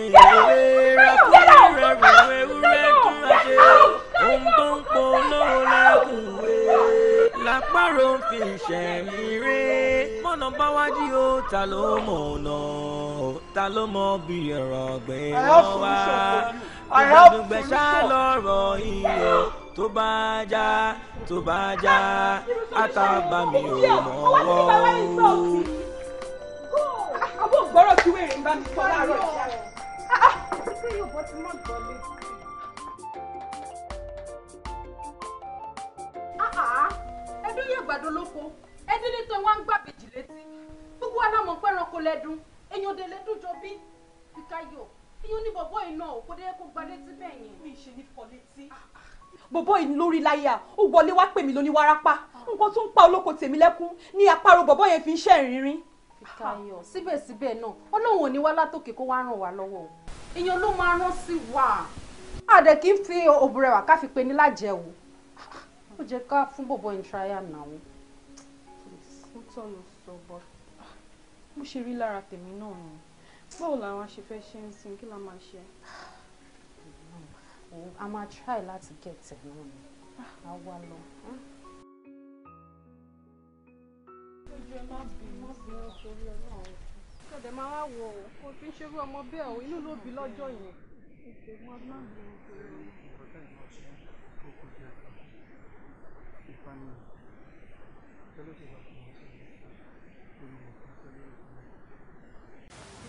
ìrẹ̀wẹ̀rẹ̀ kúrẹ̀wẹ̀ ewúrẹ́ tún máa ṣe ohun tó ń pọ̀ lọ́wọ́ lákùnrin lápárò ń fi ìṣẹ̀mí rí mọ́nà Ah ah, tí mo gbọ́ létí. ẹdún yóò gbàdo lóko ẹdún nítorí wọn ń gbàbèjì létí gbogbo alámọ̀ pẹ́ranko lẹ́dún èèyàn dé lẹ́dún jọ bí fíkáyọ̀ èèyàn ní bọ̀bọ́ iná ò kó déyẹ kó gba létí bẹ́ẹ̀ yẹn. mi ṣe ní fọ létí. Ah, ah. bọ̀bọ́ yìí lórí láyà ó wọlé wá pè mí lóní wárápá nǹkan tó ń pa olóko tèmi lẹ́kún ní àparò bọ̀bọ́ yẹn fi ń ṣẹ̀rìn rín. fíkáyọ̀ síbẹ̀síbẹ̀ náà ọlọ́run ò ní wá látòkè kó wá ràn wá o èèyàn ló máa rán sí wa. àdẹ kì í fi òbúrẹ́wà ká fi pe ní lájẹ o ó jẹ́ ká fún bọ̀bọ̀ ìntraya náà o. ó tọ́ ló sọ bọ́ mo ṣe rí lára tèmi náà ni báwo làwọn aṣèfẹ́ ṣe ń sin kí la máa ṣe. a máa try láti gẹ̀tẹ̀ náà ni a wá lọ. ojú ẹ má bí má bí wọn torí ọ ṣọ̀dẹ̀ máa wá wò o kó fi ń ṣerú ọmọ bẹ́ẹ̀ o inú ló bí lọ́jọ́ yẹn.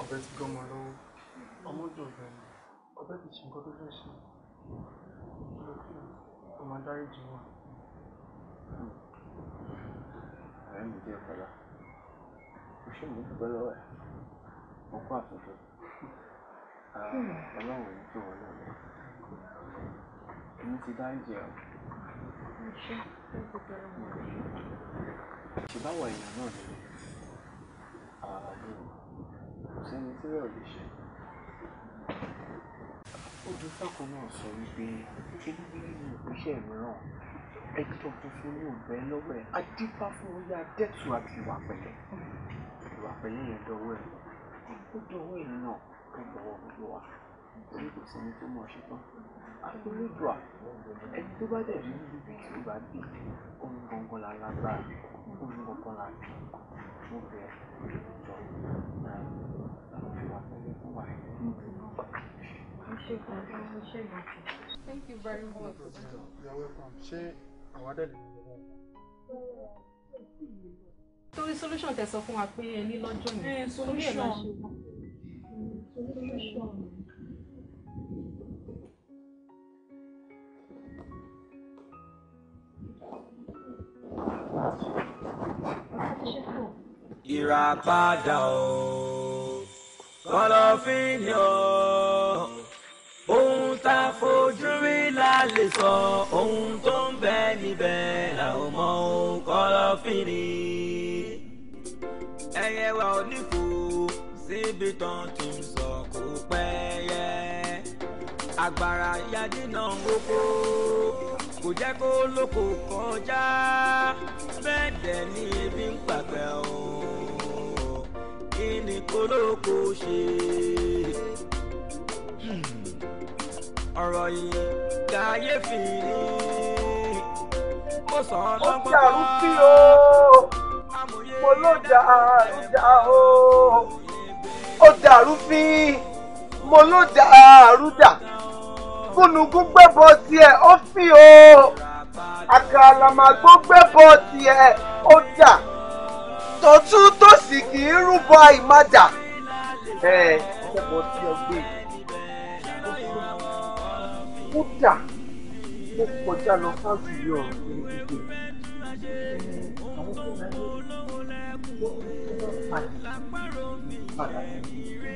ọbẹ̀ ti gbọ́mọ lọ́wọ́ ọmọ jù ọbẹ̀ ni ọbẹ̀ ti ṣe nǹkan tó fẹ́ ṣe ọmọ adarí jù wọn. ọ̀rẹ́ mi díẹ̀ pẹ̀lá òṣèlú dúpẹ́ lọ́wọ́ ẹ̀ òkú àtúntò ah, hmm. ọlọ́run ní kí wọ́n náà lọ èmi ti dá ìjẹ ọ. ṣèbáwọ̀ èèyàn náà ni àdúrà ah, kò sẹ́ni tí yóò lè ṣe. olùfẹ́kọ̀ọ́ náà sọ wípé kí ló dé nínú ìpínṣẹ́ mìíràn ẹjọ́ tó fún ní ọ̀bẹ lọ́wọ́ ẹ̀ adífá fún oyá dẹ́tù àti ìwà pẹ̀lẹ́ ìwà pẹ̀lẹ́ yẹn dọ́wọ́ ẹ̀ lọ nítorí náà ká gbàwọ́ Odùduwà torí kò sẹ́ni tó mọ̀ ṣe tán Akérédùà ẹni tó bá dẹ̀ rí níbi tí ó bá gbé ohun gangan la lágbára ohun gangan la bí mo bẹ̀ jọ náà láti wà pẹ́lẹ́ fún wa. Thank you very much. You're welcome torí solution tẹ́ sọ fún wa pé ẹ ní lọ́jọ́ yẹn solution ìràpadà o kọ̀lọ̀fín ni o tá a fojú rí la lè sọ ohun tó ń bẹ níbẹ̀ la ò mọ ohun kọ̀lọ̀fín ẹyẹ wa ò ní fò síbi tán ti ń sọ kó pẹ́ yẹ agbára yadínà oko kò jẹ́ kó lóko kọjá bẹ́ẹ̀ dẹ̀ ni ebi ń pàgbẹ́ o kí ni kó lóko ṣe. Hmm ọ̀rọ̀ yìí kàyéfì ni ó sọ ọlọ́gbọ́n. ó jàrú sí o mo ló jà àrújà o ó dàrú fín mo ló jà àrújà gúnugún gbẹ́bọ tiẹ̀ ó fì o àkàlàmàgbó gbẹ́bọ tiẹ̀ ó dà tọ̀tún tòsì kì í rúbọ àìmádà. ẹ ẹ ṣẹ́bọ̀ tí ọ yìí kódà ó kọjá lọ fáàsì yọ ìrìnkìtì àwọn tó máa ń lò ó tó máa ń padà padà gbogbo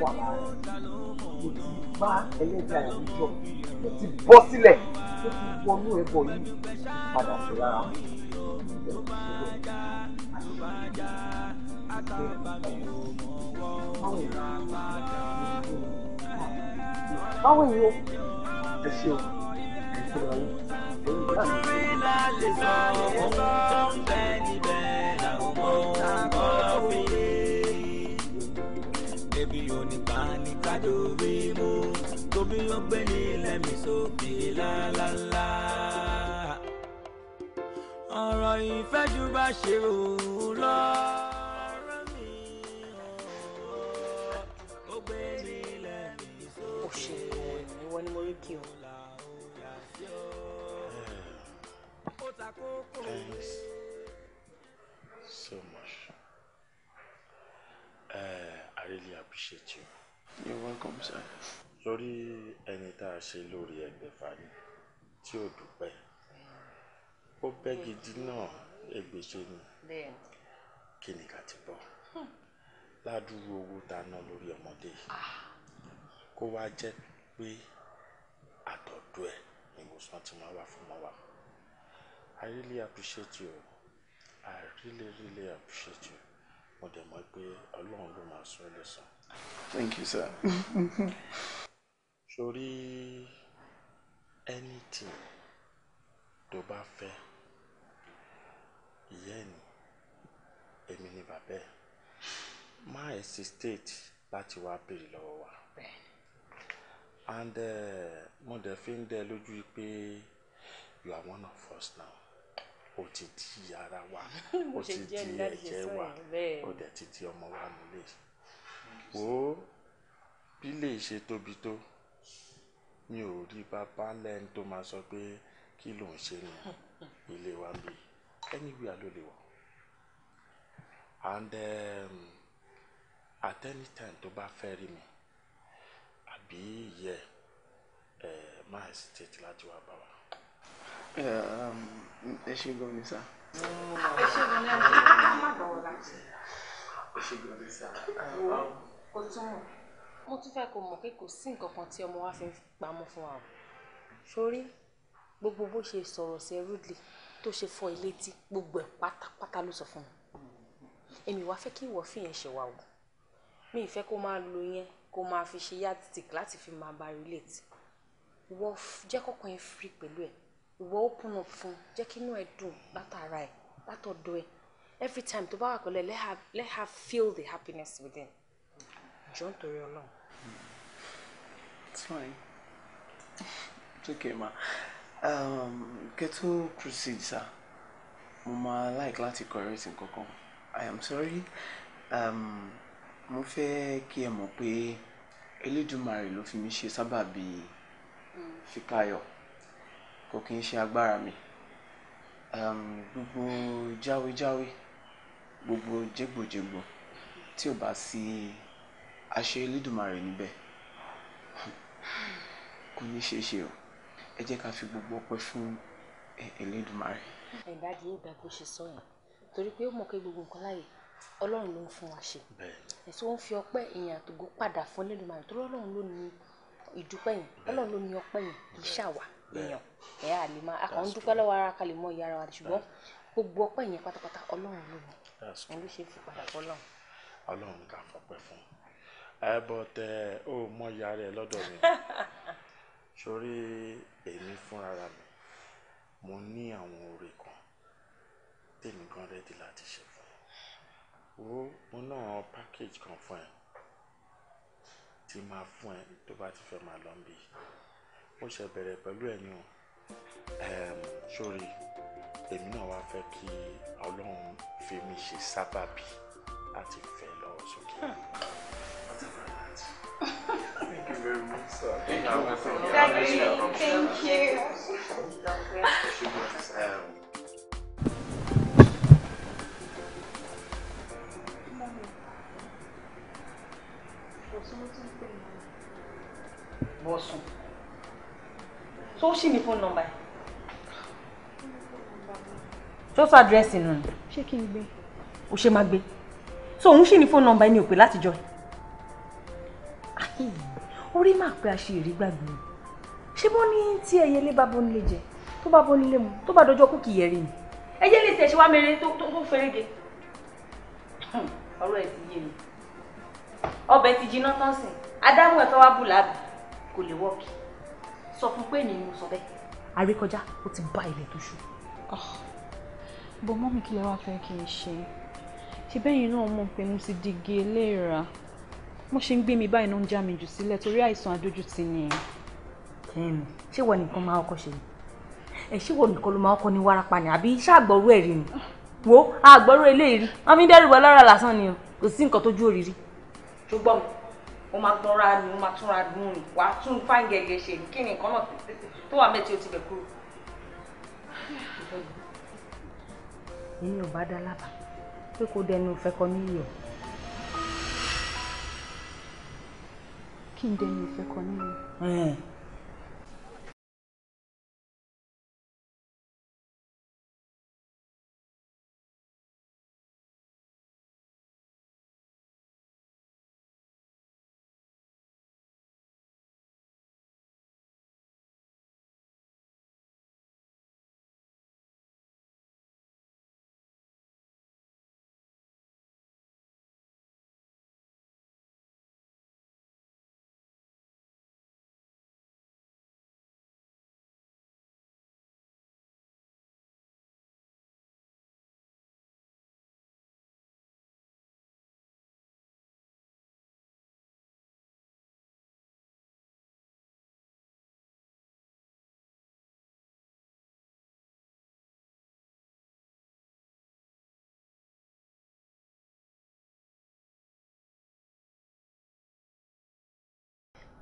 wà lára kò ti bá ẹlẹ́dàá ìjọ ó ti bọ́ sílẹ̀ ó ti wọnú ẹbọ yìí padà sí lára Thank you báwo ni o. ẹ ṣe o ẹ ṣe wáyé ẹ̀yin bá mi. Ebi onígbà ní kájọ rí mú, tóbi ọgbẹ́ni lẹ́mí sókè lálálá ọ̀rọ̀ ìfẹ́ jù bá ṣe òun lọ. kí ọ. Thanks so much. Uh, I really appreciate you. You're welcome, sir. Lórí ẹni tá a ṣe lórí ẹgbẹ̀fà ni tí ò dúpẹ́. Ó pẹ́ gidi náà ègbèṣe ni. Kí ni ká ti bọ̀? Ládùúgbò owó tá a ná lórí ọmọdé. Ah. Kó wá jẹ́ pé àtọ̀dọ̀ ẹ̀ ni ìwòsàn ti máa wà fún ọmọ wa. I really appreciate you I really really appreciate you mo dẹ̀ mọ̀ pé ọlọ́run ló máa sọ ẹ́ lẹ́sàn. Thank you sir. sori anything tó bá fẹ́ ìyá ẹ̀ ni èmi ni bàbá ẹ̀ má hesitate láti wá béèrè lọ́wọ́ wa. Bẹ́ẹ̀ni and uh, mo dẹ̀ fi ń dẹ lójú pé you are one of us now o ti di ara wa o ti di ẹ̀jẹ̀ wa o dẹ̀ ti di ọmọ wa nílé wo bí lè ṣe tóbi tó mi ò rí bàbá lẹ́ni tó máa sọ pé kí ló ń ṣe ní ilé wa bí anywhere ló lè wà and um, at any time tó bá fẹ́ rí mi àbí yẹ ẹ má hesitate láti wá bá wa. Eh, um, ẹ ṣe gan sá. ẹ ṣe gan ni àti ah, ká má bọ̀ ẹ ṣe gan sá. kò tún mọ̀ mo tún fẹ́ kó mọ̀ pé kò sí nǹkan kan tí ọmọ wa fi ń pamọ́ fún wa o sórí gbogbo bó ṣe sọ̀rọ̀ sí rudely tó ṣe fọ ilé tí gbogbo ẹ̀ pátápátá ló sọ fún mi èmi wá fẹ́ kí ìwọ fìyẹn ṣe wà o mi ì fẹ́ kó máa lo yẹn kó máa fi ṣe yardstick láti fi máa bá relate ìwọ jẹ́ kọ́kàn yẹn free pẹ̀lú ẹ̀ ìwọ open up fún jẹ́ kí inú ẹ̀ dùn látara ẹ̀ látọ̀dọ̀ ẹ̀ every time tó bá wà pẹ̀lú ẹ̀ let her let her feel the happiness within jọ torí ọlọ́run. it's fine it's okay ma um, get to proceed sir mo máa like láti correct nǹkan i am sorry. Um, mo fẹ́ kí ẹ mọ̀ pé elédùmarè ló fi mí ṣe sábàbí Fíkáyọ̀ kò kí n ṣe agbára mi gbogbo jáwéjáwé gbogbo jégbòjégbò tí ò bá sí àṣẹ elédùmarè níbẹ̀ kò ní ṣeé ṣe o ẹ jẹ́ ká fi gbogbo ọpẹ́ fún elédùmarè. ẹ̀dá di ìgbà bó ṣe sọ yẹn torí pé ó mọ̀ pé gbogbo nǹkan láyè ọlọ́run ló ń fún wa ṣe ẹ̀sìn ó ń fi ọpẹ́ ìyìn àtògo padà fún lẹ́dùnmáà torí ọlọ́run ló ní ìdúpẹ́ yẹn ọlọ́run ló ní ọpẹ́ yẹn kì í ṣàwà èèyàn ẹ̀ á lè máa akọ̀ ń dúpẹ́ lọ́wọ́ ara kalẹ̀ mọ́ ìyá ara wa ṣùgbọ́n gbogbo ọpẹ́ yẹn pátápátá ọlọ́run ló ní òun ló ṣe fi padà fọ́ ọlọ́run. ọlọ́run kà fọpẹ́ fún ẹ bọ tẹ ó mọ ìyá rẹ lọ́dọ̀ mi sórí èmi fúnra mi mo ní àwọn oore kan tèmi gan rẹ́dí láti ṣe wo mo náà package kan fún ẹ tí máa fún ẹ tó bá ti fẹ́ máa lọ bí mo ṣe bẹ̀rẹ̀ pẹ̀lú ẹ̀yin o sórí èmi náà wá fẹ́ kí ọlọ́run fi mi ṣe sábàbí láti fẹ́ lọ́wọ́ sókè. Thank you very much, sir. Thank you. Thank you. Thank you. Thank you. Bọ̀sùn ló tún pè mí. Bọ̀sùn. Tó ṣì ní fóònù nọ́mbà yìí. Tó sọ àdírẹ́sì nù. Ṣé kí n gbé? O ṣe máa gbé. So òun ṣì ní fóònù nọ́mbà yìí ni òpè látijọ́ yìí. Orí máa pe àṣírí gbàgbé. Ṣé bó ní tí ẹyẹlé bá bó nílé jẹ? Tó bá bó nílé mu? Tó bá dọjọ́ kú kì í yẹrí ni? Ẹyẹlé tẹ̀síwá mèrè tó fẹ́rẹ́gẹ. Hmm, ọ̀rọ̀ ẹ̀ ti yé mi ọbẹ̀ ti jiná tán sìn adámú ẹ̀ tó wá bù láàbù kò lè wọ́ọ̀kì sọ fún pé nìyí mo sọ bẹ́ẹ̀ àríkọjá ó ti bá ilẹ̀ tó ṣú. Ah. bó mọ́mí kí lẹ wá fẹ́ kí n ṣe ṣe bẹ́yìn náà mọ̀ pé mo ti digi eléèrà mo ṣe ń gbé mi báyìí náà ń já mi jù sílẹ̀ torí àìsàn àdójútì ni. kẹ́mi ṣé wọ nìkan máa ọkọ ṣe ẹ ṣé wọ nìkan ló máa ọkọ ní wárápá ni àbí iṣẹ́ àgbọ̀rú ẹ̀ ni ah. wo àgbọ̀rú eléyìí rí wọn fi ń ni o kò sí nǹkan tójú òrìrí ṣùgbọ́n mi o máa tọ́ra ni o máa túnra dùn ni wàá tún fáìn gẹ̀gẹ̀ ṣe kí ni nǹkan náà tó wà mẹ́tí o ti bẹ̀ kúrò. èmi ò bá dá lábàá pé kó dẹnu fẹ́ kọ níyì o. kí n dẹnu fẹ́ kọ níyì.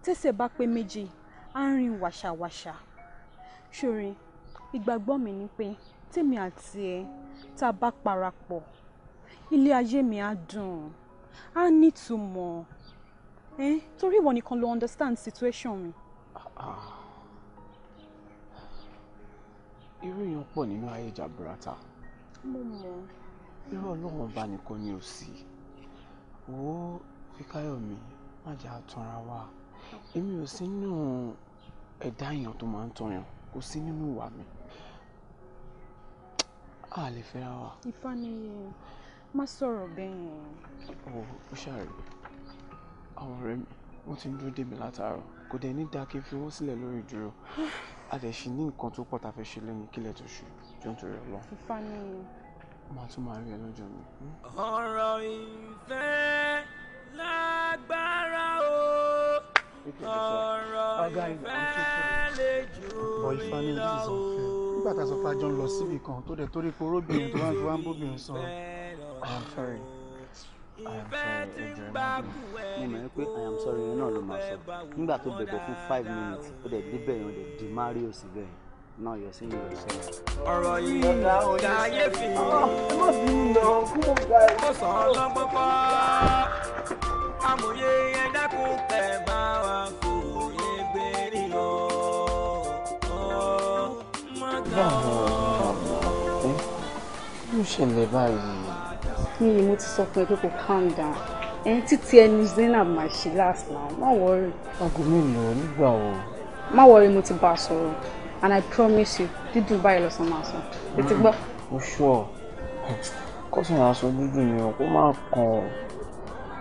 tẹsẹ̀ bá pé méjì á rìn wàṣàwàṣà ṣòrin ìgbàgbọ́ mi ni pé tèmi àti ẹ tá a bá parapọ̀ ilé ayé mi á dùn á nítumọ̀ ẹ torí ìwọ nìkan ló understand situation mi. Ah, ah. irú èèyàn pọ̀ nínú ayé jàbúrátà mo mọ̀ irú ọlọ́run ọba nìkan ni ò sí wo Fíkáyọ̀mí má jà tanra wa èmi ò sí nínú ẹ̀dá èèyàn tó máa ń tọyàn kò sí nínú ìwà mi a lè fẹ́ra wa. ifá ni má sọ̀rọ̀ bẹ́ẹ̀ yẹn. ọ̀ ó ṣàrẹ̀ àwọn ọ̀rẹ́ mi wọ́n ti ń dúró dè mí látàárọ̀ kò dẹ̀ ní dáa kí n fi wọ́n sílẹ̀ lórí ìdúró a lè ṣì ní nǹkan tó pọ̀ tá a fẹ́ ṣe lẹ́yìn kílẹ̀ tó ṣù jọ nítorí ọlọ́. ifá ni. màá tún máa rí ẹ lọ́jọ́ mi. Hmm? ọ̀rọ̀ ìfẹ́ lágbára ọ̀rọ̀ ìfẹ́ lè jù mí lọ o. nígbà tá a sọ pé a jọ ń lọ síbì kan tó dẹ̀ torí pé oróbìnrin tó wá ń fi wá ń bóbìnrin sọ. Ah, I am sorry. ìfẹ́ ti gbà kú ẹ ní kó mo mọ̀ pé I am sorry yẹn náà ló máa sọ nígbà tó bẹ̀bẹ̀ fún five minutes ó dẹ̀ débẹ̀ yẹn fi ó ah, ọlọ́gbọ́n pa amòye. ṣẹlẹ̀ báyìí. mi ì mo ti sọ fún ẹ pé kò calm down ẹni títí ẹni Zainab máa ṣe last now má wọrí. aago mélòó nígbà wo. má wọrí mo ti bá a sọ̀rọ̀ and I promise you dídùn báyìí lọ́sàn máa sọ ètí mm, gbọ́. o sure kọ́sìn aṣọ dúdú ni o kó máa kàn ọ́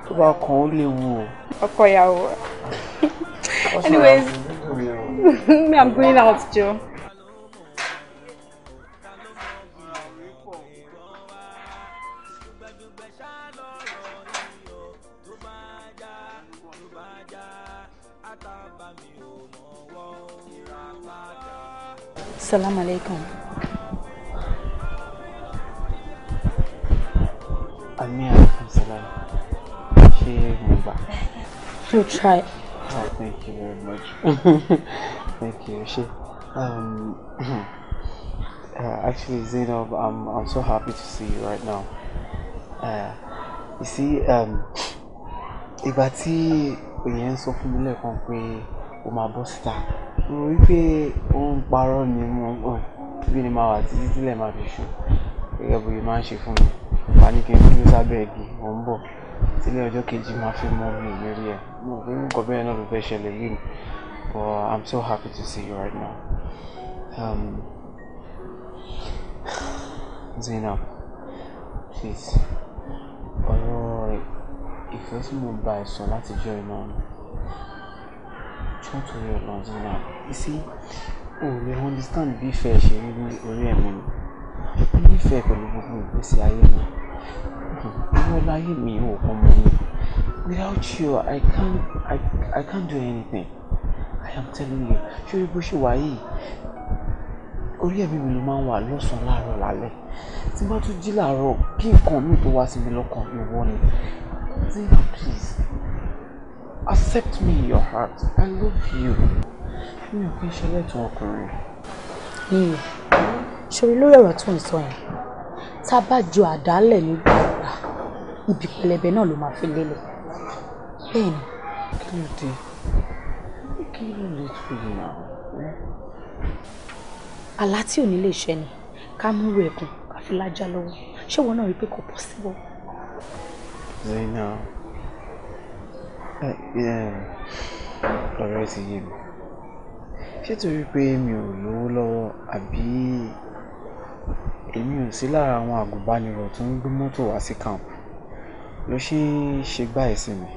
tó bá kàn ó léwu o. ọkọ ìyàwó anyways me I'm going out Joe. Assalamu alaikum. Ami alaikum salam. Ṣé mo You try. Oh, thank you very much. thank you. She. um, uh, actually Zainab, I'm, I'm so happy to see you right now. Uh, you see, um, ibati tí òye ń sọ fún mi rò wípé ó ń parọ́ ni mo gbọ́ bí ni máa wà títí tílẹ̀ máa fi ṣú gẹ́gẹ́ bóyá máa ń ṣe fún mi wà ní kí n dúró sábẹ́ igi mò ń bọ̀ tílẹ̀ ọjọ́ kejì máa fi mọ mi ìlérí ẹ̀ mo rò pé nǹkan bẹ́ẹ̀ náà ló fẹ́ ṣẹlẹ̀ lónìí but I'm so happy to see you right now. Um, Zainab, please ọ̀rọ̀ ìfẹ́ tí mo bá ẹ̀ sọ láti jọ ìnáwó jọ́ torí ọlọ́run sọ́nà you see o lè understand bí ìfẹ́ ṣe rí ní orí ẹ̀mí mi nífẹ̀ẹ́ pẹ̀lú gbogbo ìgbésí ayé mi ìwọ láyé mi ò kọ́ mọ́ mi without you I can't I, I can't do anything I am telling you ṣé bó ṣe wà yìí orí ẹ̀mí mi ló máa ń wà lọ́sàn-án láàárọ̀ lálẹ́ tí bá tún jí láàárọ̀ kí nǹkan mi tó wá sí mi lọ́kàn ìwọ ni please accept me in your heart i love you mi ò kí n ṣe lẹ́tọ̀ ọkùnrin. yìí ṣòro lórí ọ̀rọ̀ tó ń sọ yẹn tá a bá ju àdálẹ̀ nígbà àgbà ibi pẹlẹbẹ náà ló máa fi lélẹ̀ bẹ́ẹ̀ ni. kí ló dé kí ló lè tó yìí náà. àlá tí ò ní lè ṣẹ ni ká mú rẹ̀ kùn ká fi lájà lọ́wọ́ ṣé wọn náà rí i pé kò possible. Zainab. Eh, ọ̀rẹ́ ti yé mi ṣé torí pé mi ò lówó lọ́wọ́ àbí èmi ò sí lára àwọn àgùnbánirọ̀ tó ń gbé mọ́tò wá sí camp ló ṣe ń ṣe gbá ẹ̀sìn mi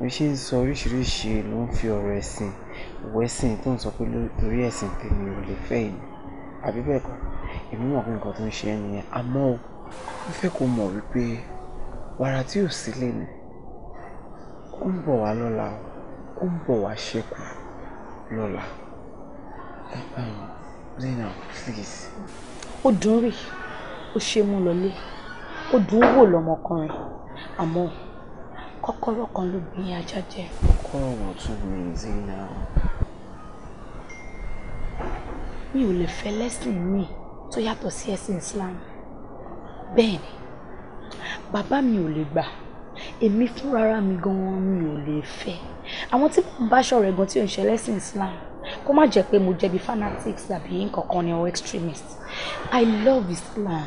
ló ṣe ń sọ oríṣiríṣi ló ń fi ọ̀rọ̀ ẹ̀sìn wẹ́sìn tó ń sọ pé lórí ẹ̀sìn tèmi ò lè fẹ́ èmi àbí bẹ́ẹ̀ kọ́ èmi mọ̀ pé nǹkan tó ń ṣe ẹ́ nìyẹn àmọ́ o mo fẹ́ kó mọ̀ wípé wàrà tí ò sílé ni ó ń Lola, wá lọ́la ó ń bọ̀ wá please. O dùn o ó ṣe mú lọlé ó dùn wò lọmọkùnrin àmọ́ kọ́kọ́rọ́ kan ló gbin ajá jẹ. kọ́kọ́rọ́ wọn tún mi Zainab. mi ò lè fẹ́ lẹ́sìn mi tó yàtọ̀ sí ẹ̀sìn Islam bẹ́ẹ̀ ni bàbá mi ò lè gbà èmi fúnra mi gan-an mi ò lè fẹ́ àwọn tí mo bá ṣọ̀rẹ́ gan tí ò ń ṣe lẹ́sìn Islam kó má jẹ́ pé mo jẹ̀bi fanatics àbí nkankan ni or extremist I love Islam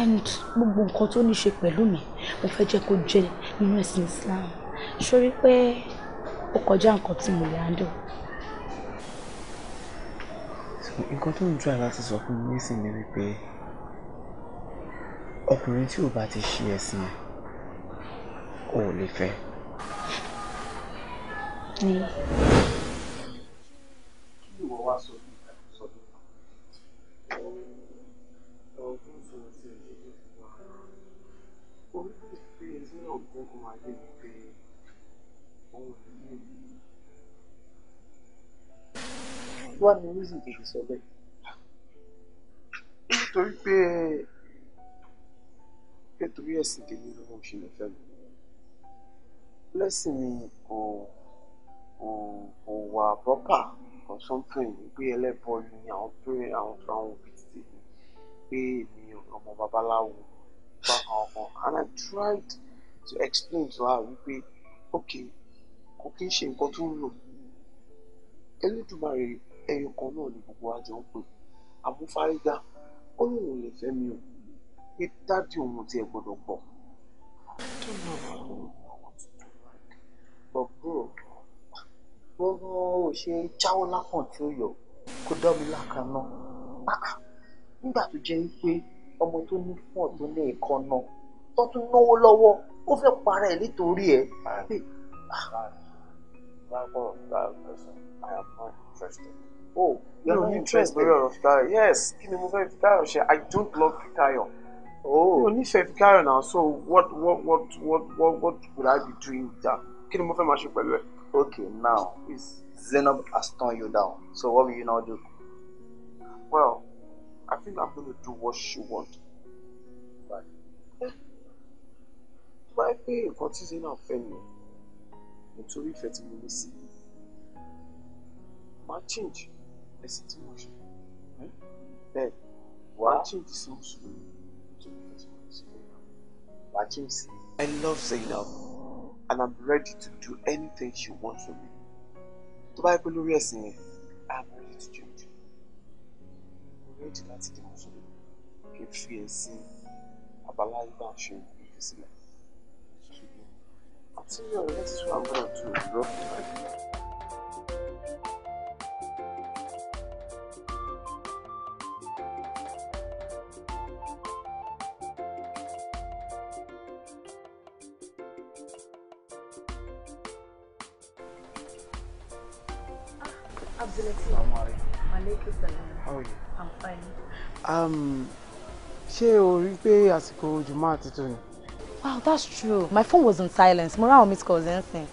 and gbogbo nǹkan tó ní ṣe pẹ̀lú mi mo fẹ́ jẹ́ kó jẹ́ nínú ẹ̀sìn Islam sórí pé ó kọjá nǹkan tí mo lè handle. nǹkan tó ń try láti sọ fún mi nísìnyí ni wípé ọkùnrin tí ò bá ti ṣe ẹ̀sìn rẹ̀ ò lè fẹ́. Wọ́n ní reason kìí sọ bẹ́ẹ̀. Nítorí pé nítorí ẹ̀sìn tèmi ló mọ̀ ṣe lè fẹ́ mi blessing mi go go kò wà proper or something pé ẹlẹ́bọ ni àwọn pé àwọn àwọn òbí ti tèmi pé èmi ọmọ babaláwo bákan ọkàn and I tried to explain to her wípé okay kò kí n ṣe nǹkan tó ń lò Elédùmarè ẹyọ kan náà ni gbogbo àjọ ń pè àmúfárígá ó ní òun lè fẹ́ mi o pé dáàdi òun ti ẹ̀ gbọ́dọ̀ gbọ́. gbọ́nà ò ṣe jáwọ́ lápọ̀n tí ó yọ kó dá mi lákaná nígbà tó jẹ́ wípé ọmọ tó ní fún ọ̀tún ní ẹ̀kan náà tó tún náwó lọ́wọ́ ó fẹ́ para ẹ̀ nítorí ẹ̀. Oh, you not interested. lórí ọ̀rọ̀ Fikayo yes kí ni mo fẹ́ Fikayo ṣe I don't love Fikayo. Oh. mi ò nífẹ̀ẹ́ Fikayo now so what what what what what what would I be doing with that kí ni mo fẹ́ máa ṣe pẹ̀lú ẹ̀. Okay, now is Zenob has turned you down. So what will you now do? Well, I think I'm going to do what she wants. Right. Tó bá pé nǹkan tí Zenob fẹ́ mi nítorí ìfẹ́ tí mo ní sí i, máa change ẹ̀sìn tí mo ṣe. Hmm? Bẹ́ẹ̀ wàá change sí Mùsùlùmí nítorí ìfẹ́ tí mo ní sí i. Wàá change sí. I love Zenob and i'm ready to do anything she wants from me tó bá yẹ pé lórí ẹ̀sìn yẹn i'm ready to change mo ready láti di mùsùlùmí kí I'm alive, ẹ̀sìn àbáláyé náà ṣe ìfi sílẹ̀ àti ní ọ̀rẹ́ tí wàá gbọ́dọ̀ tó ìrọ́pù rẹ̀. How I'm fine. Um, ṣé o rí pé àsìkò Jùmọ̀ àti Tony? Wow, that's true. My phone was on silence. Mo ráwọn miss calls anything.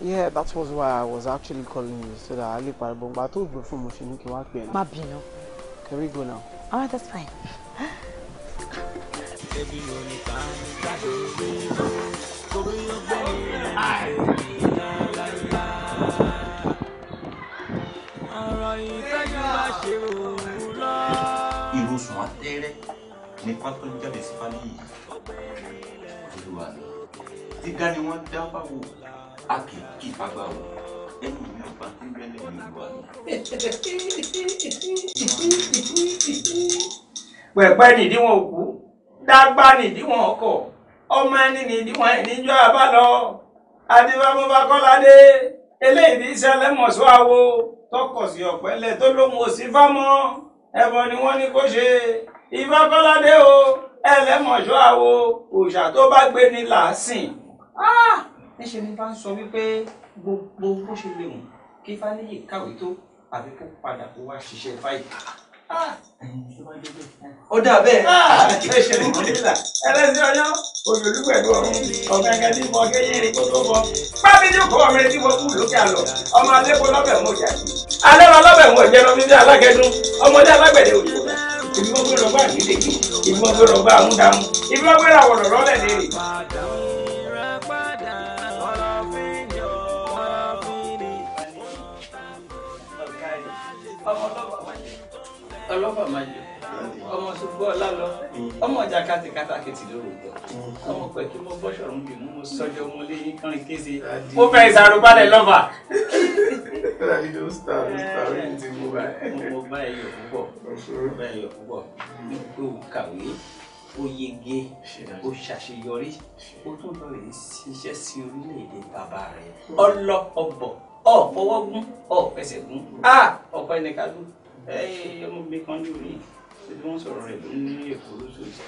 Yeah, that was why I was actually calling you so that I lè pariwo gba tó gbé fún mo ṣe ní kí wá pè é. Má bínú. Can we go now? Alright, that's fine. Hi. nípa tó ń jáde sí fáyé yìí olúwa dídá ni wọ́n dá báwo a kì í kí ìfagbá wò ẹnu mi ò bá ń bẹ́lẹ̀ ní olúwa mi. pẹ̀pẹ́ nìdí wọn ò kú dágbá ọmọ ẹni nìdí ẹni jọ àbálọ adébábọ́bákọ́ládé eléyìí ti ṣẹlẹ̀ mọ̀ṣọ́ àwo tọkọ̀ sí ọ̀pẹ́lẹ̀ tó lóun ò sí fámọ́ ẹ̀bọ ni wọ́n ní kó ṣe ìfọ́kọ́ládé o ẹlẹ́mọ̀ṣọ́ àwo òòṣà tó bá gbé ni làásìn. Ah! níṣẹ́ ni bá ń sọ wípé gbogbo bó ṣe lè mú kí fáníyì kàwé tó àbí kó padà kó wá ṣiṣẹ́ báyìí. Ah! ó dà bẹ́ẹ̀. ẹ̀ṣẹ̀ ní kòlílà ẹlẹ́sìn ọyọ́ olùdókòwò ọ̀gẹ̀gẹ̀ ní mọ kéyìn ní kótó bọ́. pábíjókòó ọmọ etí wọn kú lókè àlọ́ ọmọ alẹ́kọ̀ọ́ lọ́bẹ̀ mọ̀ jà sí. alẹ́ wa lọ́bẹ̀ mọ̀ jẹ́ lọ́mídé alágẹ̀dún ọmọdé alágbẹ̀dẹ òjò àgídègí ibi wọn gbé rọgbà àmúdàmú ibi wọn gbé ràwọ̀dọ̀ lọ́lẹ̀ léèrè. ọlọ́pàá máa jẹ ọmọ ṣubú ọlá lọ ọmọ ọjà kàtì kàtàkìtì lóòótọ́ ọmọ pẹ kí mo bọṣọrọ mi mú mo sọjọ mo lé yín kán kése ó fẹ ìsàrò balẹ̀ lọfà. mo bá ẹyọ púpọ̀ mo bá ẹyọ púpọ̀ nígbà ó kàwé ó yege ó ṣàṣeyọrí ó tún lọ rèé ṣiṣẹ́ sí orílẹ̀-èdè bàbá rẹ̀ hmm. ọlọ ọbọ̀ ọ fọwọ́ gún ọ fẹsẹ̀ gún hmm. ah! ọpẹ́ nìkan ló ọmọ mi kan lórí ṣé bí wọ́n sọ̀rọ̀ rẹ̀ ní èkó lóṣooṣù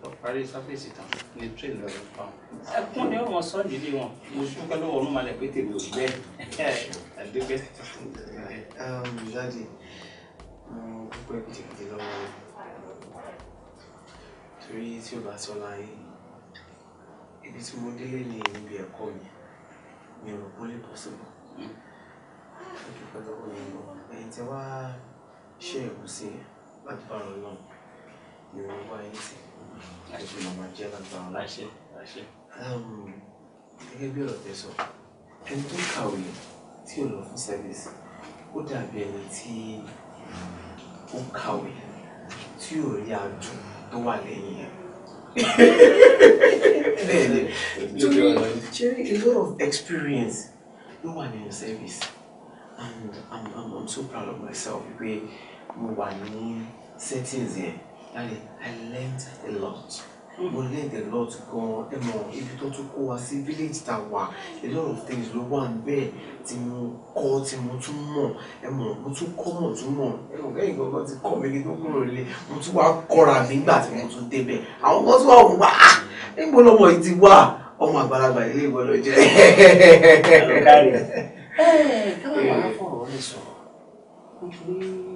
lọ parí sáfẹ́sì tán ní tírèlì lọ́dọ̀ kan ẹkún ni ó wọn sọ nílé wọn mo dúpẹ́ lọ́wọ́ ọ̀run malẹ̀ pé tèmi ò bẹ́ẹ̀ àdébẹ́. Um, jáde mo dúpẹ́ kìtìkìtì lọ́wọ́ torí tí o bá sọ láyé ibi tí mo délé ní ibi ẹ̀kọ́ mi mi ò rò pé ó lè bọ́ síbò hmm. mo dúpẹ́ lọ́wọ́ yẹn lọ ẹ̀yin tí wàá ṣe ẹ̀kú sí yẹn lágbára náà yorùbá yìí sì àṣẹ màmá jẹ́ lágbára náà. àṣẹ àṣẹ. gẹ́gẹ́ bí ọ̀rọ̀ tẹ sọ ẹni tó ń kàwé tí ò lọ fún sẹ́fíìsì sharing a lot of experience no one in the service, and I'm, I'm, I'm so proud of myself Because mo wà ní settings yẹn I learned a lot mo learned a lot gan ẹ mọ ibi tó tún kó wa sí village tá a wà a lot of things ló wà níbẹ̀ tí mo kọ́ tí mo tún mọ̀ ẹ mọ mo tún kọ́ mọ̀ tún mọ̀ ẹ mọ kẹ́yìn gangan ti kọ́ mi kí tó kúrò lé mo tún wá kọ́ra nígbà tí mo tún débẹ̀ àwọn kan tún wà wọ́n wá níbo lọ́mọ yìí ti wà ọmọ àgbàlagbà ilé ìgbọ́dọ̀ jẹ́. ẹ ẹ káwọn àwọn afọ ọ̀rọ̀ lè sọ̀rọ̀ nítorí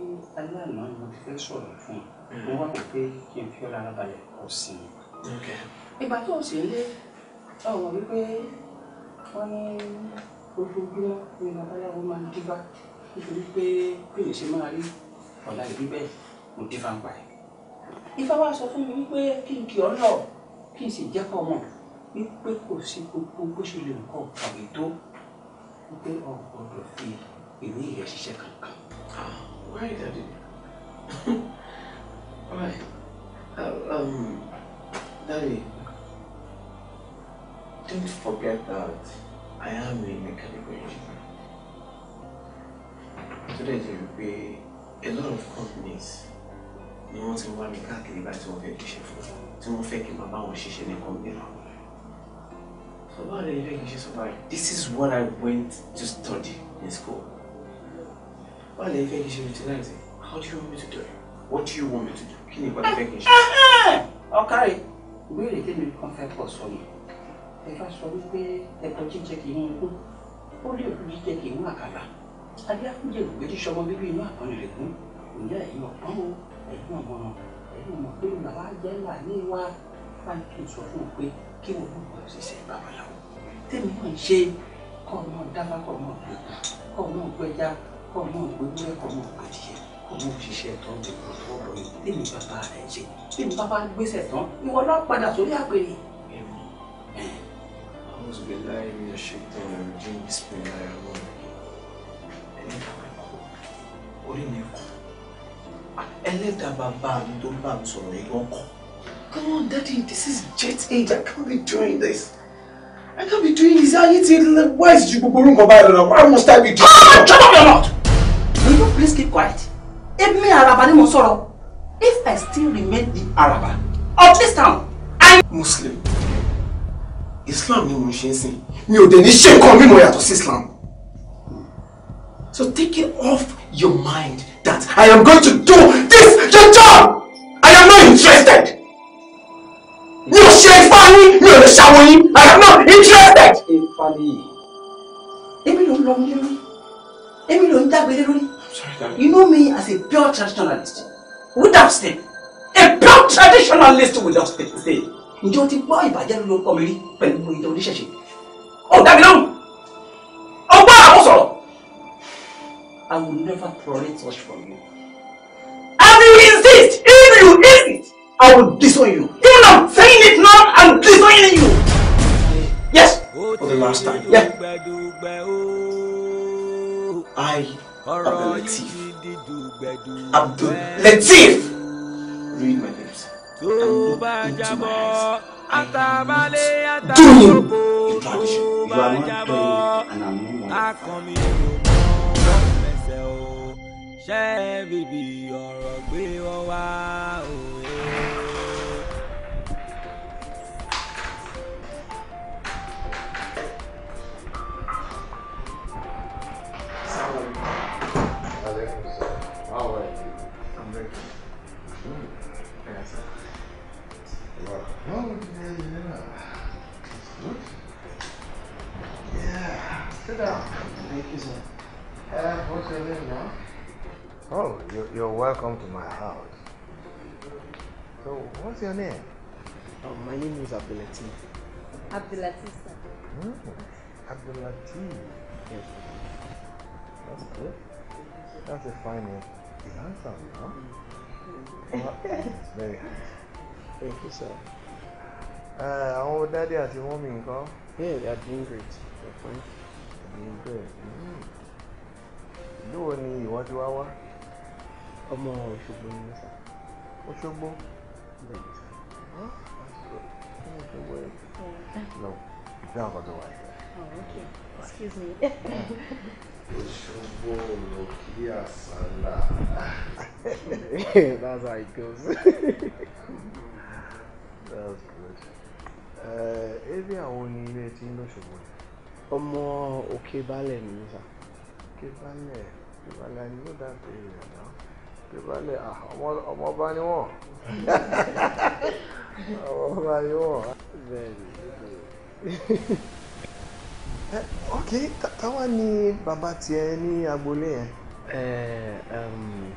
fẹ́ sọ̀rọ̀ fún un mo wá pé kí n fi ọ́ lára balẹ̀ kò sí i. ìgbà tó o sì lé ọ̀rọ̀ wípé wọ́n ní ojoojúmọ́ ni babaláwo máa ń dífá nítorí pé bí èyí ṣe máa rí ọ̀la ìbí bẹ́ẹ̀ mo dífá ń pa ẹ̀. ifá wa sọ fún mi wípé kí n kì ọ́ lọ kí n sì jẹ́ kọ́ mọ̀ wípé kò sí gbogbo bó ṣe lè nǹkan kàwé tó wípé ọ̀gbọ́dọ̀ fi ìwé ìyẹn ṣiṣẹ́ kankan. Ah, wáyé dàdí Alright. Uh, um, Daddy, don't forget that I am a mechanical engineer. Today there will be a lot of companies ni wọ́n ti wá mi káàkiri báyìí tí wọ́n fẹ́ ṣiṣẹ́ fún tí wọ́n fẹ́ kí n máa bá wọn ṣiṣẹ́ ní company So báwo ni ilé kìí ṣe sọ báyìí? This is what I went to study in school. Báwo ni ilé kìí ṣe utilize it? How do you want me to do it? What do you want me to do? Kí ni ìgbà tó the kí n ṣe? Eh, eh, eh! Ọ̀kárì, ìbéèrè tèmi kan fẹ́ pọ̀ sọ ni. Ẹ bá sọ wípé ẹ̀kọ́ jíjẹ kì í mú ikú. Ó lè kú jíjẹ kì í mú àkàlà. Adé àkújẹ ògbé tí sọmọ bíbí inú àkànni rẹ̀ kún. Ǹjẹ́ ẹ̀yin ọ̀pọ̀n o? Ẹ̀yin ọ̀mọ̀ràn. Ẹ̀yin ọmọ pé bàbá jẹ́ là ní wa. Báyìí kì í sọ fún un pé kí wọ́n mú ìgbà ṣiṣẹ́ babaláwo. Tèmi náà ń ṣe kọ́ ọmọ dábàá kọ́ ọmọ ògbẹ́ja kọ́ ọmọ ògbẹ́wúrẹ́ kọ́ ọmọ ògbẹ́dìyẹ òun òṣìṣẹ́ tó ń tẹ̀kọ́ fọ́ọ̀bù ni lèmi bàbá rẹ̀ ṣe lèmi bàbá gbèsè tán ìwọ náà padà sórí àpèrè. أعوذ بالله من الشيطان الرجيم بسم الله الرحمن الرحيم orí mi kù ẹlẹ́dàá bàbá mi tó bá mi sọ̀rọ̀ yìí lọ́kọ̀. Come on daddy this is jet age I can't be doing this. I can't be doing this. Ayé ti wá ìsìjú gbogbo orúkọ báyìí lọ. Why must I be doing this? Oh, shut up your mouth! Will you please keep quiet? èmi àràbà ni mo if I still remain the àràbà of this town I. Muslim Islam ni mo ń ṣe ń sìn mi ò dẹ̀ ní ṣe nǹkan mímọ̀ yàtọ̀ Islam. So take it off your mind that I am going to do this your job. I am not interested. Mi ò ṣe ifá yín, mi ò lè ṣàwọ̀ yín. I am not interested. Ifá ni yìí. Èmi ló ń lọ mú lórí. Èmi ló Sorry, You know me as a pure traditionalist. Without stain. A pure traditionalist without stain. Ǹjẹ́ o ti gbọ́ ìbàjẹ́ ló kọ́ mi rí pẹ̀lú ìjọ oníṣẹ̀ṣe? Ó dá mi lóhùn. Ọgbọ́n àwọn sọ̀rọ̀. I will never tolerate such from you. And you insist, if you insist, I will disown you. Even I'm saying it now, I'm disowning you. Yes. For the last time. Yeah. I Abdul-Latif. Read my lips. And look into my eyes. I am You are not doing and I'm not one come to my house. So, what's your name? Oh, my name is Abdulatif. Abdulatif, sir. Mm, Abdulatif. Yes. That's good. That's a fine name. He's handsome, huh? Mm. Oh, well, very handsome. Thank you, sir. Uh, àwọn uh, dáadé àti wọ́n mi nǹkan. yeah they are doing great They're fine. They're doing great. Hmm. ìlú Do you ìwọ ti wá wá ọmọ Òṣogbo ni Òṣogbo bẹ́ẹ̀ Òṣogbo ẹ lọ ìfẹ́ àwọn ọ̀dọ́ wa. Oh, okay, excuse me. Òṣogbo lòkì àsálà. That's how it goes. That's good. Ebi eh, àwọn ni ilé tí ń lọ́ṣogbo ni. Ọmọ Òkè Balẹ̀ ni mi sà. Òkè Balẹ̀ Òkè Balẹ̀ I know that area now ìbálẹ̀ ọmọọba ni wọ́n ọmọọba ni wọ́n. ok táwa ni bàbá tiẹ̀ ní agboolé yẹn. Um,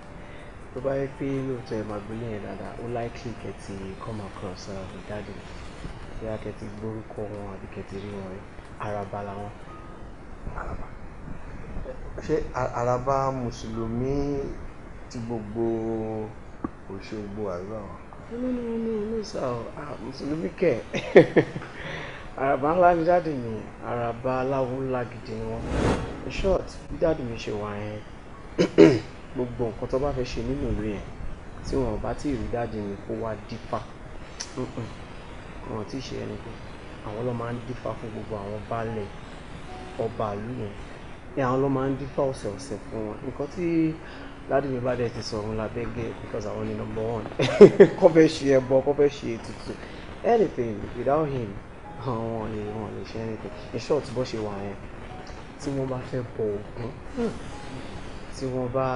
tó bá yẹ pé lóòótọ́ ẹ̀ máa gbolé yẹn dáadáa ó likely kẹ́tì come across ọ̀rọ̀ uh, dáàdì bóyá kẹ́tì gbórúkọ wọn àbí kẹ́tì rí wọn Àràbà làwọn. Àràbà ṣé Àràbà mùsùlùmí ti gbogbo Òṣogbo àgbà wọn. no no no no sir ah mùsùlùmí kẹ àràbà ńlá ni dáàdì mi àràbà aláwo ńlá gidi ni wọn in short bí dáàdì mi ṣe wà yẹn gbogbo nǹkan tó bá fẹ́ ṣe nínú ìlú yẹn tí wọn bá tí ì rí dáàdì mi kó wá dífà wọn ti ṣe ẹnìkan àwọn ló máa ń dífà fún gbogbo àwọn baálẹ̀ ọba ìlú yẹn àwọn ló máa ń dífà ọ̀sẹ̀ọ̀sẹ̀ fún wọn nǹkan tí láti mi bá dẹ̀ ti sọ̀rọ̀ la bẹ́ẹ̀ gẹ̀ because àwọn ni number one kò fẹ́ ṣe ẹbọ kò fẹ́ ṣe ètùtù anything without him àwọn lè wọn lè ṣe anything in short bó ṣe wà yẹn tí wọ́n bá fẹ́ bọ ògún tí wọ́n bá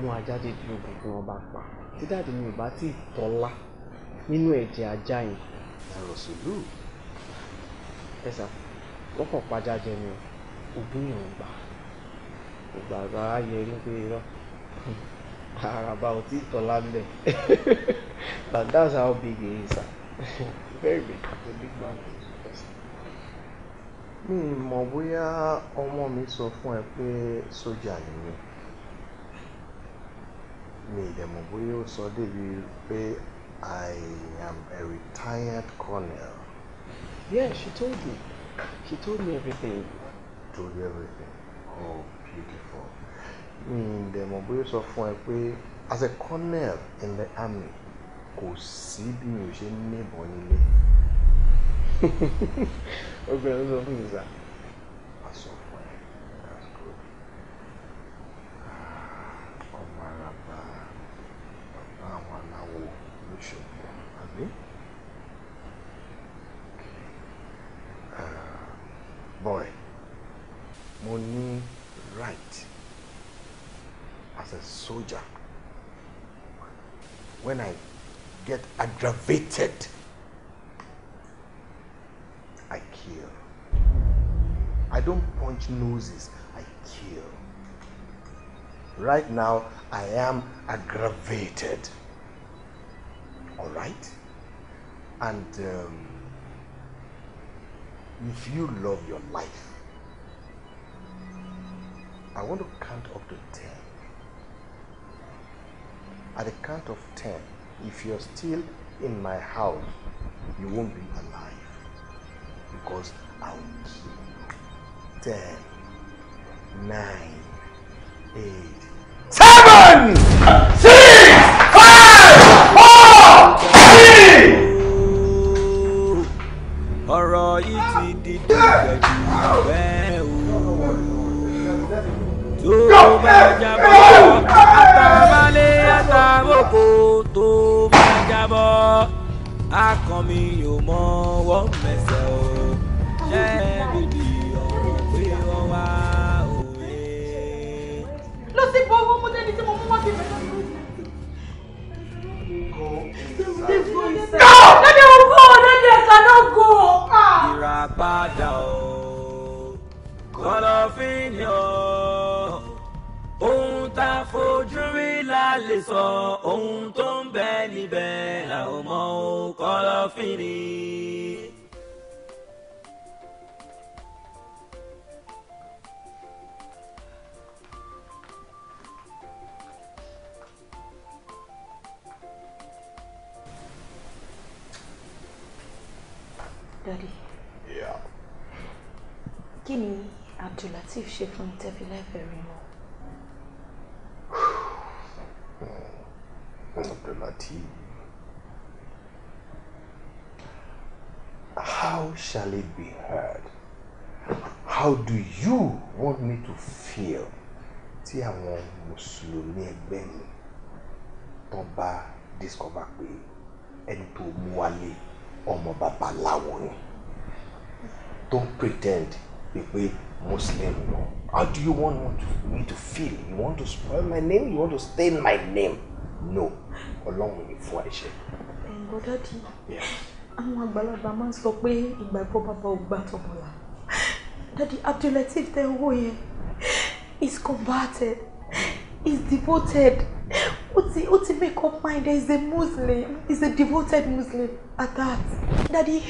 mú ajá dídí ògún tí wọ́n bá pa tí dáàdi mi ò bá tí ì tọ́lá nínú ẹ̀jẹ̀ ajá yẹn. ẹ̀rọ sùlù. ẹ sà wọ́n kàn pàjá jẹ ni o ògún yẹn ò gbà ò gbà rárá pé irọ́. Hmm. Ah, about ò tí tọ́ lálẹ́ but that's how big he is very big a big man mi mọ̀ bóyá ọmọ mi sọ fún ẹ pé sójà ni mi mi dẹ̀ mọ̀ bóyá ó sọ débi pé I am a retired colonel. Yeah, she told me. She told me everything. Told you everything. Oh, beautiful mi ì dẹ̀ mọ̀ bóyá sọ fún ẹ pé as a colonel in the army kò sí bí mi ò ṣe ní ìbọn nílé obìnrin ló sọ fún mi sáà. in my house, you won't be alive because I will kill you. Daddy. Yeah. Kí ni she from fún very tẹ́fi láìpẹ́ How shall it be heard? How do you want me to feel tí àwọn Muslimi ẹgbẹ́ mi tán bá discover pé ẹni tó mú wálé? ọmọ babaláwo ni tó ń pretend pé muslim lọ how do you want me to feel you want to spoil my name you want to stain my name no ọlọ́run ni fún àìṣe. ẹ̀ǹgbọ́n dádì àwọn àgbàlagbà máa ń sọ pé ìgbàgbọ́ bàbá ò gbà tọmọlá dádì Abdulateef tẹ́ owó yẹn is converted is devoted ti ó ti make up mind there is a muslim is a devoted muslim at that daddy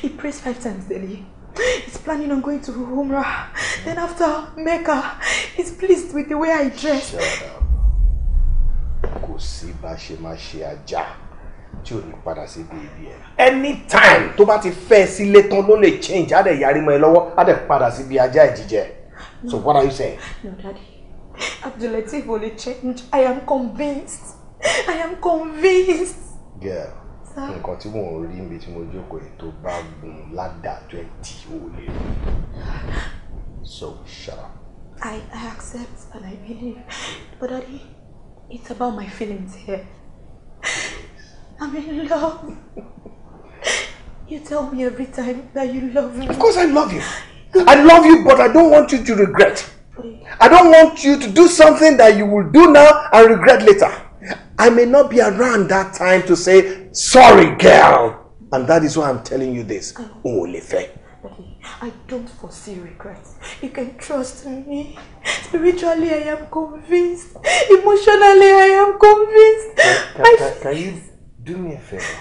he prays five times daily he's planning on going to umrah then after mecca he's pleased with the way i dress. kò sí bá ṣe máa ṣe ajá tí ò ní padà sí bíbí ẹ. anytime tó bá ti fẹ́ sílé tán ló lè change á dẹ̀ yarí mọ́ ẹ lọ́wọ́ á dẹ̀ padà sí bí ajá ẹ̀ jíjẹ so what are you saying. no daddy Abdulatif will change. I am convinced. I am convinced. Girl, nǹkan tí mò ń rí níbi tí mo jókòó yìí tó bá gùn ládàá twenty ó lé. So shut I, I accept and I believe. But Daddy, it's about my feelings here. I'm in love. You tell me every time that you love me. Of course I love you. I love you, but I don't want you to regret. I don't want you to do something that you will do now and regret later. I may not be around that time to say, sorry, girl. And that is why I'm telling you this. Olefe. I don't foresee regrets. You can trust me. Spiritually, I am convinced. Emotionally, I am convinced. Can, can, can, you do me a favor?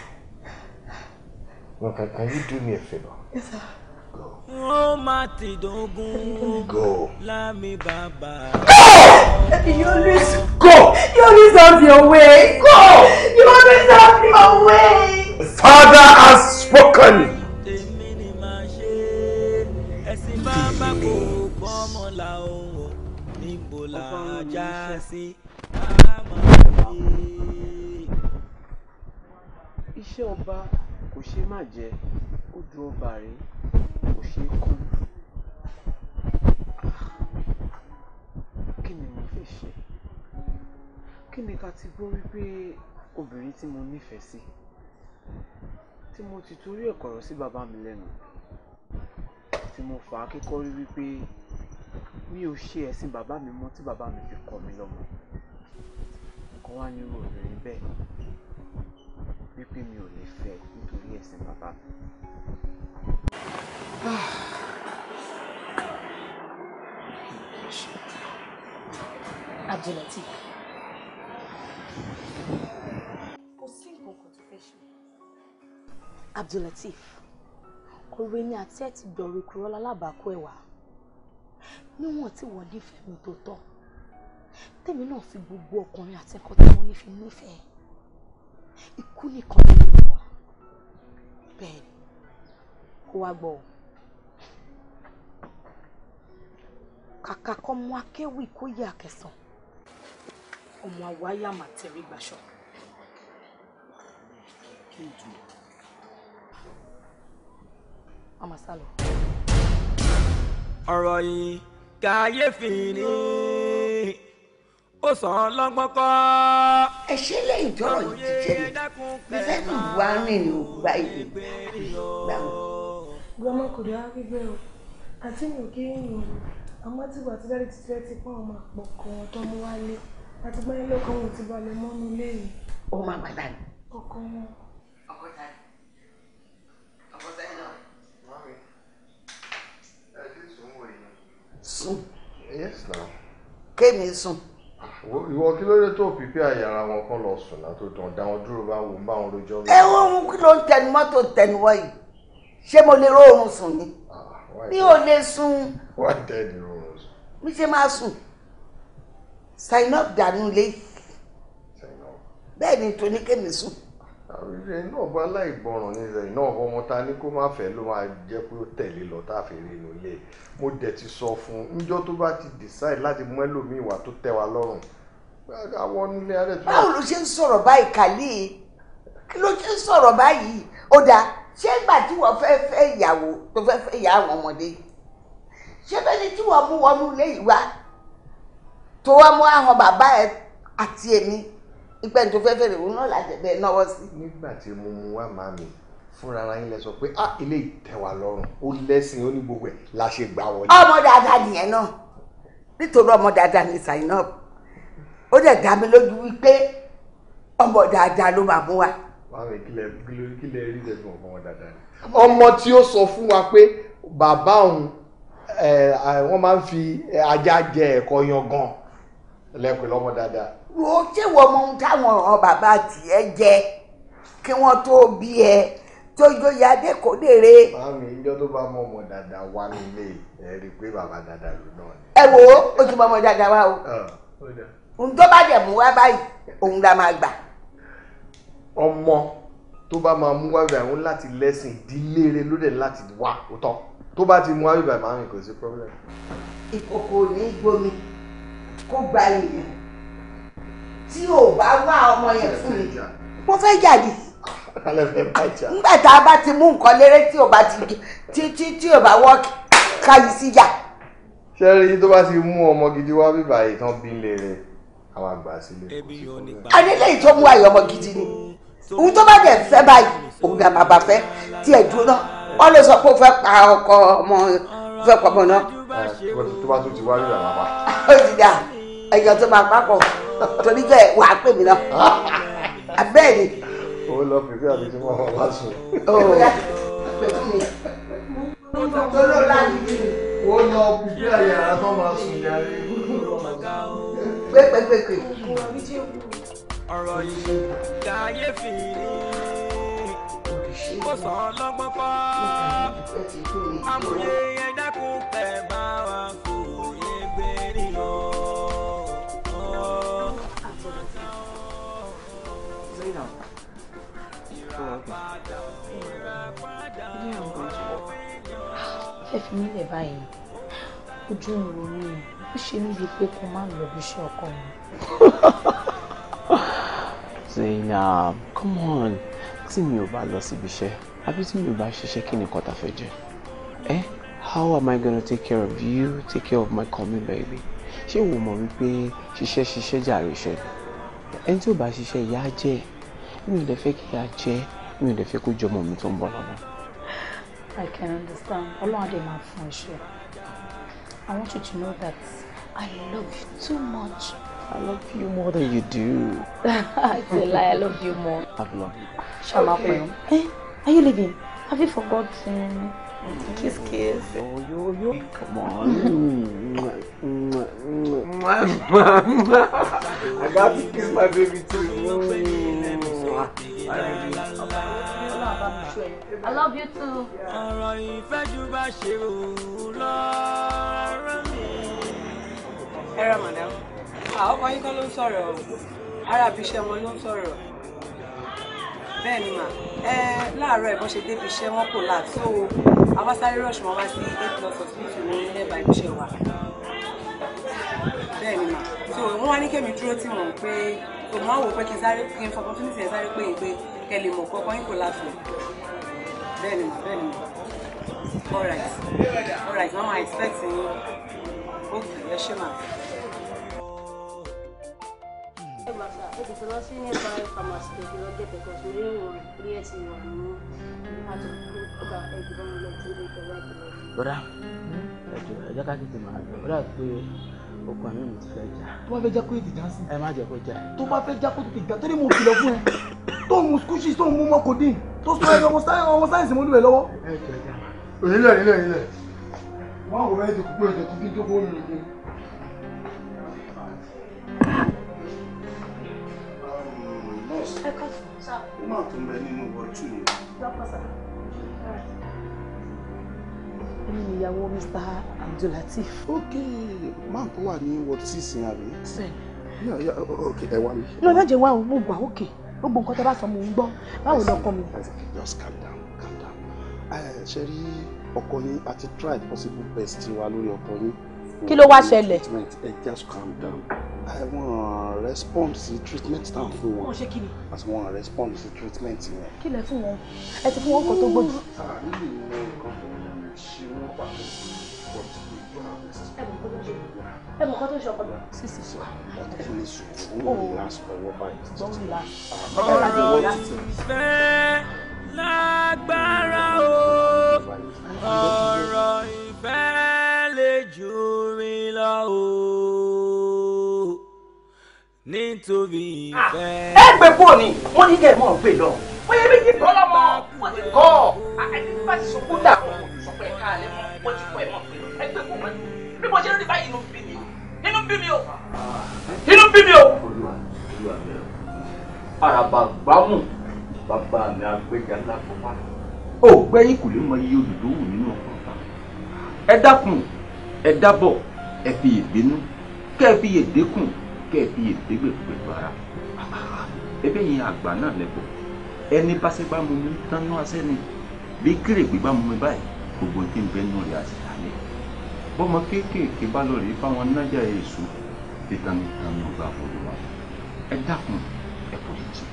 No, can, can you do me a favor? Yes, sir ó go you always go you always have your way go you always have your way. father has spoken. iṣẹ́ ọba kò ṣe má jẹ́ ó ju ọba ṣe kú kí ni mo lè ṣe kí ni ká ti gbọ́ wípé obìnrin tí mo nífẹ̀ẹ́ sí tí mo ti torí ẹ̀ kọ̀rọ̀ sí bàbá mi lẹ́nu tí mo fà á kíkọ́ rí wípé mi ò ṣe ẹ̀sìn bàbá mi mọ́ tí bàbá mi fi kọ́ mi lọ́mọ kọ́ wá ní irú obìnrin bẹ́ẹ̀ wípé mi ò lè fẹ́ nítorí ẹ̀sìn bàbá mi. Abdulatif. Kò sí Abdulatif, òwe ni àti ẹ̀ ti gbọ̀rọ̀ kúrọ́ lálábàákú ẹ̀wà. Níwọ̀n tí wọ́n nífẹ̀ẹ́ mi tó tọ́. Tèmi náà fi gbogbo ọkùnrin àti ẹ̀kọ́ tí wọ́n ní fi nífẹ̀ẹ́. Ikú nìkan ló ń wà. Bẹ́ẹ̀ni, kó wá gbọ́ ọ. kàkà kọ́mọ akéwì kó yẹ àkẹsàn ọmọ àwáyà mà tẹ̀rí gbàṣọ. ọmọ sálọ. ọ̀rọ̀ yìí kàyéfì ni ó sàn lọ́gbọ́n kọ́. ẹ ṣe lẹ́yìn tọrọ yìí ti jẹrè bí sẹ́ẹ̀tì wà nínú ògbà ìlú gbàmù. gbọmọkùnrin á rí o àti mi ò kí ń yàn àmọ́ tìgbà tí dáàdì ti fẹ́ ti pọ́n àwọn àpọ̀ kan tó mú wálé àti gbọ́n ilé ọkọ wọn ti balẹ̀ mọ́ mi léyìí. ó máa gbàdá ni. ọkọ wọn. ọkọ ta ni ọkọ ta ni náà. mami ẹ ti sùn wò yìí. sùn. yes na. kémi sùn. Ah, ìwọ kí ló dé tó pípé àyàrá wọn kan lọ sùn náà tó tàn dáwọn dúró bá wọn bá wọn lójọ. ẹ wo ohun kí ló ń tẹnu mọ́tò tẹnu wọ yìí ṣé mo lè róorun sùn ni ah, mi ò lè sùn. wọ́n tẹ̀ ní o mi ṣe máa sùn Zainab dànù lé bẹ́ẹ̀ ni tóní kémi sùn. Zainab aláìgbọràn ni Zainab ọmọ ta ni kó má fẹ́ ló máa jẹ́ pé ó tẹ̀lé lọ táàfin nínú ilé mo dẹ̀ ti sọ fún un níjọ́ tó bá ti decide láti mú ẹlòmíì wá tó tẹ́ wa lọ́rùn àwọn nílé alẹ́ tó. báwo ló ṣe ń sọ̀rọ̀ báyìí kàlí kí ló ṣe ń sọ̀rọ̀ báyìí ó dáa ṣé ìgbà tí wọ́n fẹ́ fẹ́ ìyàwó tó fẹ́ fẹ́ ìyá àwọn ọmọdé ṣé ni tí wọ́n mú wọnú ilé ìwà tó wá mú àwọn bàbá ẹ àti èmi ìpẹ́ tó fẹ́ fẹ́rẹ̀ òun náà láti ẹ̀bẹ̀ náwó sí. nígbà tí mo mú wá màá mi fúnra ara yín lẹ sọ pé ah ilé ìtẹ̀wà lọ́rùn ó lẹ́sìn ó ní gbogbo ẹ̀ la ṣe gbà wọlé. ọmọ dáadáa nìyẹn náà nítorí ọmọ dáadáa ní sàyínà ó dẹ̀ dá mi lójú wípé ọmọ dáadáa ló máa mú wa. wàhálà kílẹ̀ kílẹ̀ rí lẹ́sìn ọmọ dáadáa ọmọ tí ó sọ fún wa pé bàbá òun wọ́n máa ń fi ajá jẹ ẹ̀kọ́ yangan lẹ́pẹ̀ lọ́mọ dáadáa. wo ṣé wọ́n mọ ohun táwọn ọ̀ràn bàbá tiẹ̀ jẹ kí wọ́n tó bí ẹ tójó ya adékòdèrè. báàmì ìjọ tó bá mọ ọmọ dáadáa wá nílé ẹ rí i pé bàbá dáadáa ló náà ni. ẹ wo o ti mọ ọmọ dáadáa wá o ohun tó bá dẹ̀ mú wá báyìí òun la máa gbà. ọmọ tó bá máa mú wá báyìí òun láti lẹ́sìn ìdílé rẹ ló dẹ̀ láti wá òótọ́ tó bá ti mu àbíbà máa rìn kò sí problem. ìkòkò ní gbomi kó gba èèyàn tí ò bá wá ọmọ yẹn fún mi mo fẹ́ jàdí nígbà tá a bá ti mú nǹkan léré tí o bá ti tí tí tí o bá wọ́ọ̀kì káyì síjà. ṣé rí tó bá ti mú ọmọ gidi wá bíbà yìí tán bí ń lè rẹ̀ àwọn àgbà sílé. adélé yìí tó mú ayọ̀ ọmọ gidi ni ohun tó bá dẹ̀ fẹ́ báyìí òun gàmàbà fẹ́ tí ẹ̀ dúró náà wọ́n lè sọ pé ó fẹ́ pa ọkọ ọmọ fẹ́ pa ọmọ náà. tó bá tún ti wá nílẹ̀ bàbá. ó ti dà ẹ̀yọ́ tó máa pápọ̀ torí jẹ́ wàá pè mí náà abẹ́ẹ̀ ni. ó lọ fìfẹ́ àbí tí wọ́n wá sùn. tọ́lọ́ láti ó lọ fìfẹ́ àyàrá tó máa sùn yàrá pépépépé. ọ̀rọ̀ yìí dáyé fi ní kó sọ ọlọ́gbọ́n kọ́ amòye ẹ̀dá kò bá wa kò yẹ bẹ́ẹ̀rì lọ. Ẹ fi mí lẹ̀ báyìí, ojú ń ro mí, ó ṣe mí bíi pé kó má lọ bí iṣẹ́ ọkọ mi. Zainab, come on tí mi ò bá lọ síbi iṣẹ́ àbí tí mi ò bá ṣiṣẹ́ kí ni nǹkan tá a fẹ́ jẹ ẹ eh, how am I gonna take care of you take care of my coming baby ṣé wo mọ̀ wípé ṣiṣẹ́ ṣiṣẹ́ jàre iṣẹ́ ẹni tí ò bá ṣiṣẹ́ ìyá jẹ́ mi ò lè fẹ́ kí ìyá jẹ́ mi ò lè fẹ́ kó jọmọ mi tó ń bọ̀ lọ́wọ́. I can understand ọlọ́run adé máa fún ẹ ṣe I want you to know that I love you too much. I love you more than you do. it's a lie. I love you more. I love you. Shama okay. Hey, eh? are you leaving? Have you forgotten? Kiss, kiss. Oh, yo, yo. Come on. I got to kiss my baby too. I love you too. Ọ̀rọ̀ ìfẹ́ ju bá ṣe rò lọ́rọ̀ mi. Ẹ rà màdá ọkọ yín kan ló ń sọ̀rọ̀ ara ibi iṣẹ́ wọn ló ń sọ̀rọ̀ bẹ́ẹ̀ ni mà ẹ láàárọ̀ ẹ̀ bọ́n ṣe débi iṣẹ́ wọn kò là tó o awásáré rush wọn wá sí eight plus hospital ní ẹ̀bà ibi iṣẹ́ wa bẹ́ẹ̀ ni mà so wọ́n wá ní kémi dúró tí mò ń pé kò mọ́ àwò pé kí n sáré kí n fọ opportunity yẹn sáré pé yín pé kẹ lè mọ̀ pé ọkọ yín kò là tó bẹ́ẹ̀ ni mà bẹ́ẹ̀ ni mà alright alright mama expect you. okay ẹ ṣé mà ó ti fi lọ sí ní five farmers tó fi lọ dé because mo ní ìwọ̀n ní ẹ̀ ti wà ní àti ọgbà ẹ̀gbọ́n lọ sí ilé ìtọ́jú àti lọ. bọ́dà ẹ̀jọ̀ ẹ̀jọ̀ ká tètè máa lọ bọ́dà pé okùn ẹ̀mí mi ti fẹ́ jà. tó bá fẹ́ já kó tètè já sí. ẹ má jẹ́ kó já. tó bá fẹ́ já kó tètè já torí mo kìlọ̀ fún ẹ tó mu skúṣì tó mu mọ́kòdín tó sọ ẹ ọmọ sáyẹ̀nsì mo lùwẹ̀ lọ́wọ́. ẹ jẹ́ ẹ jẹ́ nurse. ẹ kọ́ sọ. ó máa tún bẹ nínú wọ́ọ̀tù yẹn. dọ́kọ̀ sọ. èmi nìyàwó Mr. Abdulateef. ok máa tó wà ní wọ́ọ̀tù six yẹn àbí. sẹ́ẹ̀. yà yà ok ẹ wá mi. lọ lájẹ wá òun mo gbà ókè gbogbo nǹkan tó bá sọ mò ń just calm down calm down ṣe Sherry, ọkọ yín àti try possible best wa lórí ọkọ yín. kí ló wá just calm down àwọn response sí treatment tá à ń fún wọn. wọ́n ṣe kí ni. àti wọn respond sí treatment yẹn. kí lẹ fún wọn ẹ ti fún wọn nǹkan tó gbòdì. àárín ìwọ nǹkan tó ń ṣe wọn pàtó pọ̀ sí ìgbà ẹ mọ̀ kó tó ṣe ẹ mọ̀ kó tó ṣe ọkọ mi. sísè sọ. ọtí fún mi sùn ó ń rìn láti ọwọ́ báyìí. ó ń rìn láti ọwọ́ báyìí. ọ̀rọ̀ ìfẹ́ lágbára o ọ̀rọ̀ ìfẹ́ lè jù mí lọ o nítorí ah, ìfẹ́. ẹ gbé kúrò ní wọn ní kẹ mọ gbé lọ wọn yẹ méjì bọ́ lọ́mọ wọn ti kọ́ àti ah, bá ti sọkún dà wọn kò sọ pé ká lẹ mọ wọn ti kọ́ ẹ mọ gbé lọ ẹ gbé kúrò ní bí mo ṣe rí báyìí inú bí mi o inú bí mi o inú bí mi o. araba gbámù bàbá mi àgbẹjà lápapá ó gbẹ́yìn kò lè mọ iye olùdówó nínú ọkàn ẹ dákun ẹ dábọ̀ ẹ fi èdè nú kẹ́ ẹ fi èdè kùn kẹ́ ẹ fi èdégbè pẹ̀lú ara ẹbí yẹn àgbà náà lẹ́pọ̀ ẹni báṣẹ́ bá mú mi tánú asẹ́ni bí kérègbè bá mú mi báyìí gbogbo tí ń bẹ nù rẹ̀ àti àlẹ́ bọ́mọ kéékèèké bá lọ rèé fáwọn nájà èso títàmítàmí ọgbà fòdò wa ẹ dákun ẹ kò lè jì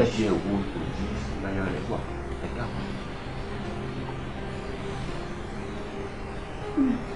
ẹ ṣe ẹwọ òjì láyà rẹ wà ẹ dákun. Mm-hmm.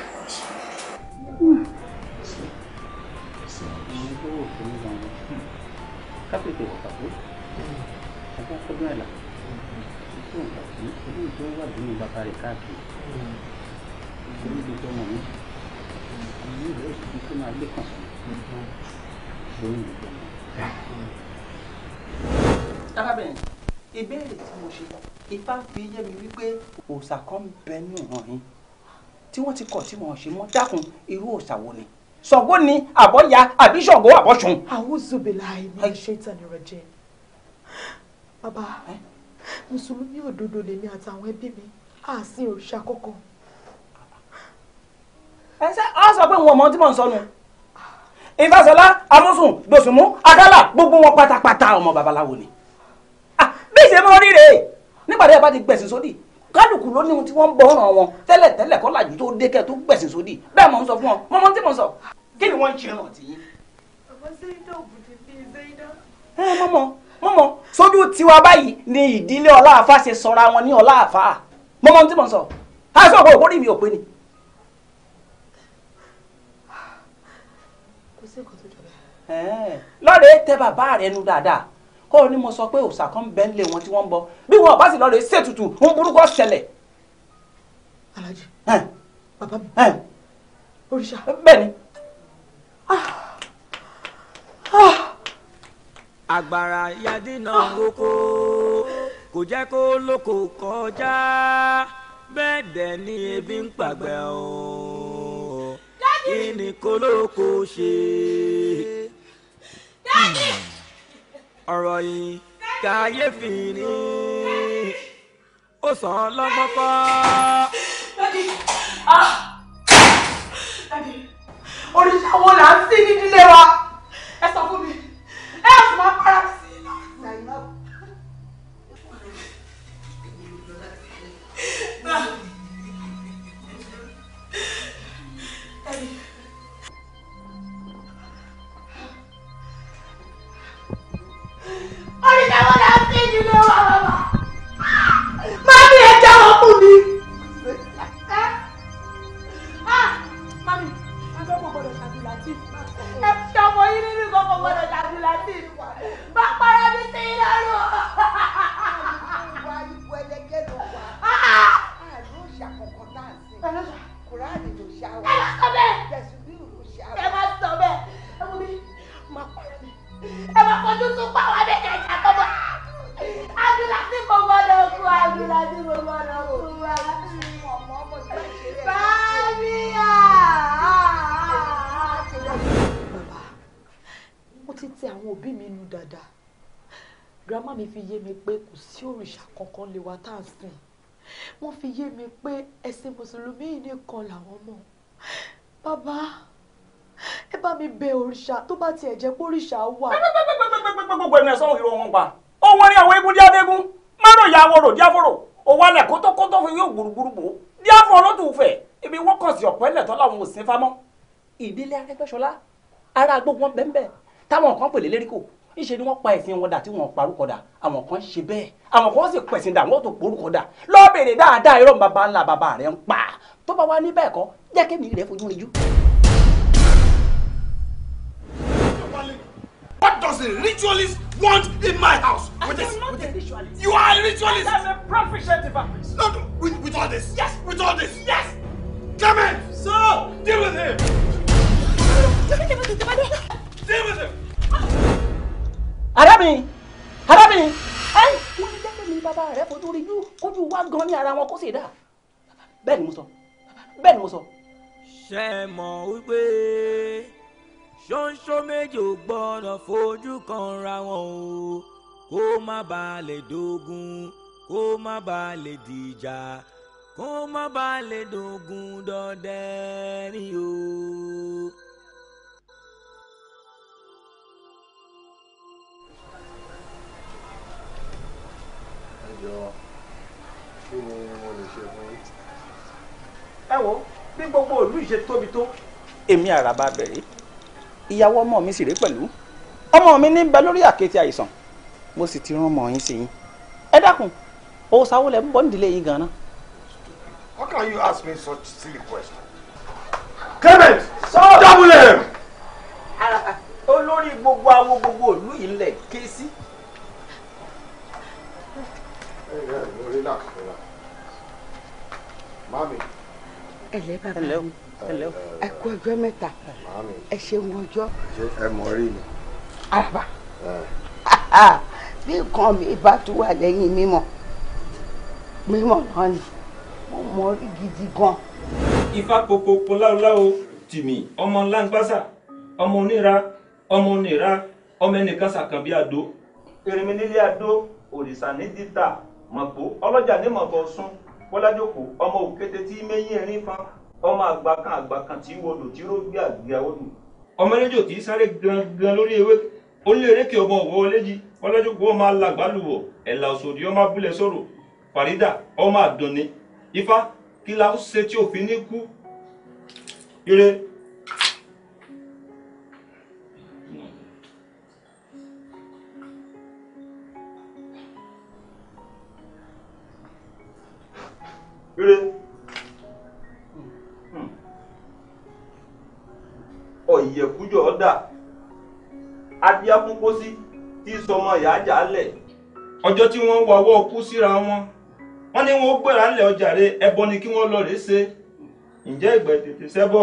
àdúgbò bàbá rẹ̀ káàkiri nítorí ìdíjọ́ ọmọ mi àwọn ìlú rẹ̀ sì tó máa gbé kàn sí lórí ìdíjọ́ ọmọ. e ìbéèrè tí mo ṣe ifá fi yé mi wípé òòṣà kan ń bẹ ní ìran yín tí wọ́n ti kọ̀ tí wọ́n ṣe mọ́ dákun irú òòṣà wo ni Ṣàngó ni àbọ̀ya àbí Ṣàngó àbọ̀ṣun. àwùjọ bèlà àìní ṣètàn ìrọ̀jẹ̀ bàbá. Eh? mùsùlùmí òdodo lèmi àtàwọn ẹbí mi á sin òrìṣà kọ̀ọ̀kan. ẹ ṣe á sọ pé wọn mọ tí mò ń sọnù ìfàsọlá amúsùn gbòsùnmú akálà gbogbo wọn pátápátá ọmọ babaláwo ni ah, bí ìṣe mọ ríre nígbà tí ẹ bá ti gbẹ̀sìn sódì kálukú ló ní ohun tí wọ́n ń bọ̀ ọ̀ràn wọn tẹ́lẹ̀ tẹ́lẹ̀ kọ́ làjú tó dé kẹ́ tó gbẹ̀sìn sódì bẹ́ẹ̀ mọ̀ ń sọ fún ọ mọ́mọ́ tí mo sọ kí ni wọ́n ń ṣe ràn tì í. ọmọ sẹ́yìn náà bùdí bíi sẹ́yìn náà. ẹ mọ́mọ́ mọ̀mọ́ sójú tiwa báyìí ni ìdílé ọláàfà ṣe sọra wọn ní ọláàfà mọ̀mọ́ tí mo sọ á sọ pé òkúrì mi ò pé ni. kò sí nǹkan tó jọ bẹ́ẹ̀. lọ́rẹ̀ẹ́ tẹ bàbá rẹ nu dáadáa kó o ní mo sọ pé òòṣà kan bẹ́ẹ̀ ń lé wọn tí wọ́n ń bọ bí wọn bá sì lọ́rẹ̀ẹ́ ṣètùtù ń burúkú ṣẹlẹ̀. alájì bàbá mi òrìṣà. bẹ́ẹ̀ àgbàrá yadínà kókó kò jẹ́ kó lóko kọjá bẹ́ẹ̀ dẹ̀ ni ebi ń pàgbẹ́ o kí ni kólókó ṣe. ọ̀rọ̀ yìí kàyéfì ni ó sàn lọ́gbọ́n kọ́. Ah! oríṣiríṣi àwọn là ń sí nídìílé wa. kankan lè wá tá à ń sìn wọ́n fi yé mi pé ẹ̀sìn mùsùlùmí nìkan làwọn mọ̀ bàbá ẹ bá mi bẹ òrìṣà tó bá tiẹ̀ jẹ́ pé òrìṣà wà. gbogbo ẹ̀mí ẹ̀sán òhìrò wọn pa ohun ẹni àwọn egun díadégún márùn ìyá wọn rò díàfòrò òwò alẹ kótókótó fi yóò gbùrùgbùrùgbò díàfò ọlọ́dún fẹ̀ ibi wọ́n kàn sí ọ̀pọ̀ ẹlẹ́tọ́ làwọn ò sin fámọ́ ìdílé Arẹ́gbẹ́ṣọlá ara gbogbo wọn bẹ́ẹ̀ bẹ́ẹ̀ táwọn kan pèlè lérí kò níṣẹ́ ni wọ́n pa ẹ̀sìn wọn dà tí wọ́n parúkọ dà àwọn kan ṣe bẹ́ẹ̀ àwọn kan sì pẹ̀sìn dà wọ́n tó porúkọ dà lọ́bẹ̀rẹ̀ dáadáa irọ́ bàbá ńlá bàbá rẹ̀ ń pa tó bá wá ní kọ́ jẹ́ kémi rẹ̀ fojú rinjú. What does a ritualist want in my house? I with am this, not a ritualist. You are a ritualist. I am a proficient evangelist. No, no, with, with all this. Yes. With all this. Yes. Come in. So, deal with him. Deal with him. Ah arábìnrin arábìnrin ẹ wọ́n ní dẹ́gbẹ́ mi bàbá rẹ̀ fojú rí ju kójú wá gan ní ara wọn kó sì dà bẹ́ẹ̀ ni mo sọ bẹ́ẹ̀ ni mo sọ. ṣe é mọ̀ wípé ṣóńṣó méjì ò gbọ́dọ̀ fojú kan ra wọn o kó má bàa lè dógun kó má bàa lè dìjà kó má bàa lè dógun dọdẹ o. jọ ẹ wo bí gbogbo ìlú yìí tóbi tó èmi àràbà bẹ̀rẹ̀ ìyàwó ọmọ mi sì rè pẹ̀lú ọmọ mi ní bẹ lórí àkéte àìsàn mo sì ti rán ọmọ yín sí yín ẹ dákun owó sáwó lẹ ń bọ́ nídìílé yín gan How can you ask me such silly question? Clement! Sọ́ọ̀ dábùlẹ̀! Olórí gbogbo àwọn gbogbo ìlú yìí ń lẹ̀ ké sí. relax relax mami. ẹ lẹ bàbá mi ẹ kú ọjọ́ mẹ́ta ẹ ṣeun ọjọ́. ẹ mọ rí mi. àbá bí nǹkan mi bá tún wà lẹ́yìn mímọ́ mímọ́ náà ni mo mọ rí gidi gan. ifá koko poláwoláwo tìmí ọmọ lángbásà ọmọ oníra ọmọ oníra ọmọ ẹnìkan ṣàkànbí àdó erinmi nílé àdó òrìṣà ní dìtà mọ̀pó ọlọ́jà ní mọ̀tọ́ sún bọ́lájòkó ọmọ òkété tí méyín erin fan ọmọ àgbàkan àgbàkan tí wọlò tí ló gbé àgbé àwọdù. ọmọ eléjò tí sáré gangan lórí ewé ó lé erékè ọmọ òwò oléjì bọ́lájòkó ọmọ alàgbàlùwọ̀ ẹ̀là òsòdì ọmọ abúlé sọ̀rọ̀ fàrídà ọmọ àdùnní ifá kí la ó ṣe tí òfin ní kú ire Really? ọ̀yẹ̀kújọ ọ̀dà adíápúpósí tí sọmọ ìyá ajá lẹ̀ ọjọ́ tí wọ́n wawọ́ kú síra wọn wọ́n ní wọ́n gbéra ńlẹ̀ ẹbọ ni kí wọ́n lọ rèé ṣe ǹjẹ́ ìgbẹ́ tètè ṣẹ́bọ.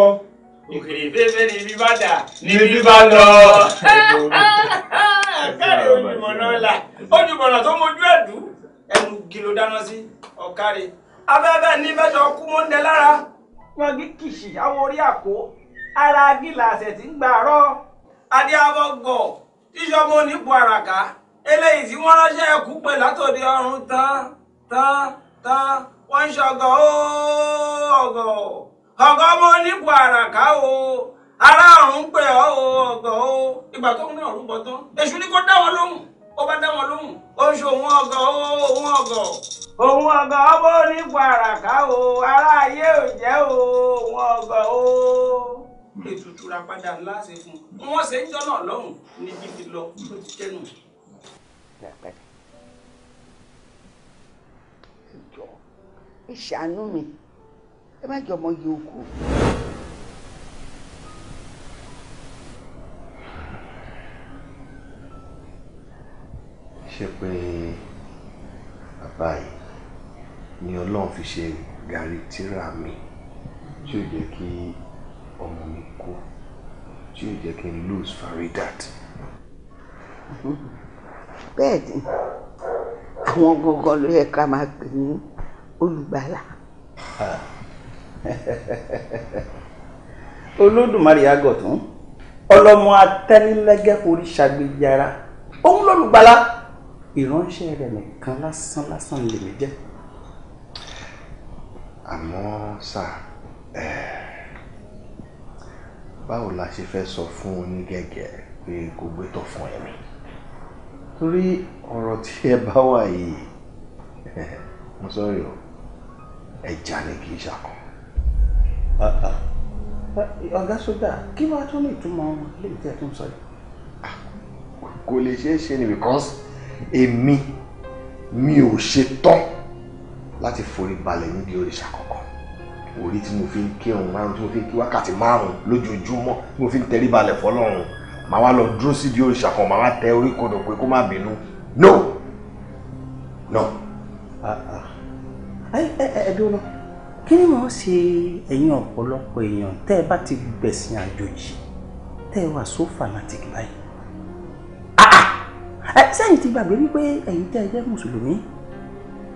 òkèrè bébé ni bí bá dà ni bí bá lọ. káàdì olùmọ̀nà ọ̀la olùmọ̀nà tó mojú abẹ́bẹ́ ní mẹ́jọ kú mọ́ ń dẹ lára. wọn gbé kìsì àwọn orí àpò ara gíláàsì tí ń gbà rọ. adé abọ́ gọ̀ tíṣọ́mọ oníbo àràká eléyìí tí wọ́n ránṣẹ́ ẹ̀kú pé látòdì ọ̀run tán tán tán wọ́n ń ṣọ̀gọ̀ ọ̀gọ̀ ọ̀gọ̀ ọmọ oníbo àràká o ará ọ̀run pé ọ̀ ìgbà tó ń rìn ọ̀run bọ̀ tán èṣù ni kò dá wọn lóhùn ó bá dá wọn lóhùn ó ń ṣe òun ọgọ òun ọgọ òun ọgọ ọbọ onípo àràká o ará ayé ò jẹ́ o òun ọgọ o. ètùtù ra padà ńlá ṣe fún un wọn ṣe ń jọ náà lọ́hùn ní bíbí lọ tó ti tẹnu. ìṣàánú mi ẹ má jọ ọmọ yòókù. lọ́lọ́run fi ṣe gàrí tíra mi tí ò jẹ́ kí ọmọ mi kú tí ò jẹ́ kí n lose Faridat. bẹ́ẹ̀ ni àwọn gbogbo ló yẹ ká máa pè ní olùgbàlà. olódùmarè àgọ̀tún ọlọ́mọ atẹ́nilẹ́gẹ́ forí ṣàgbéjára òun lólùgbàlà ìránṣẹ́ rẹ̀ nìkan lásán lásán lèmi jẹ́ àmọ́ sà báwo la ṣe fẹ́ sọ fún onígẹ̀gẹ̀ pé kò gbé tọ̀ fún ẹ̀mí torí ọ̀rọ̀ tí ẹ bá wà yìí mo sọ̀rọ̀ o ẹja ni kì í ṣàkọ. ọ̀gá sójà kí wàá tún lè túmọ̀ lè tẹ̀ tó ń sọ yìí. Ah, kò lè ṣeé ṣe ni because èmi mi ò ṣe tán láti forí balẹ̀ níbi òrìṣà kọ̀ọ̀kan orí tí mo fi ń kírun márùn tí mo fi ń kí wákàtí márùn lójoojúmọ́ tí mo fi ń tẹrí balẹ̀ fọlọ́run màá wá lọ dúró sídìí òrìṣà kan màá wá tẹ orí kodò pé kó má bínú no no. Ah, ah. ẹ̀dùn náà kí ni mo ṣe ẹ̀yin ọ̀pọ̀lọpọ̀ èèyàn tẹ́ ẹ bá ti gbẹ̀sìn àjòjì tẹ́ ẹ wà so fanatic báyìí. sẹ́yìn ah, ti gbàgbé wípé ẹ̀yin tẹ́ ẹ jẹ́ mùsùlùmí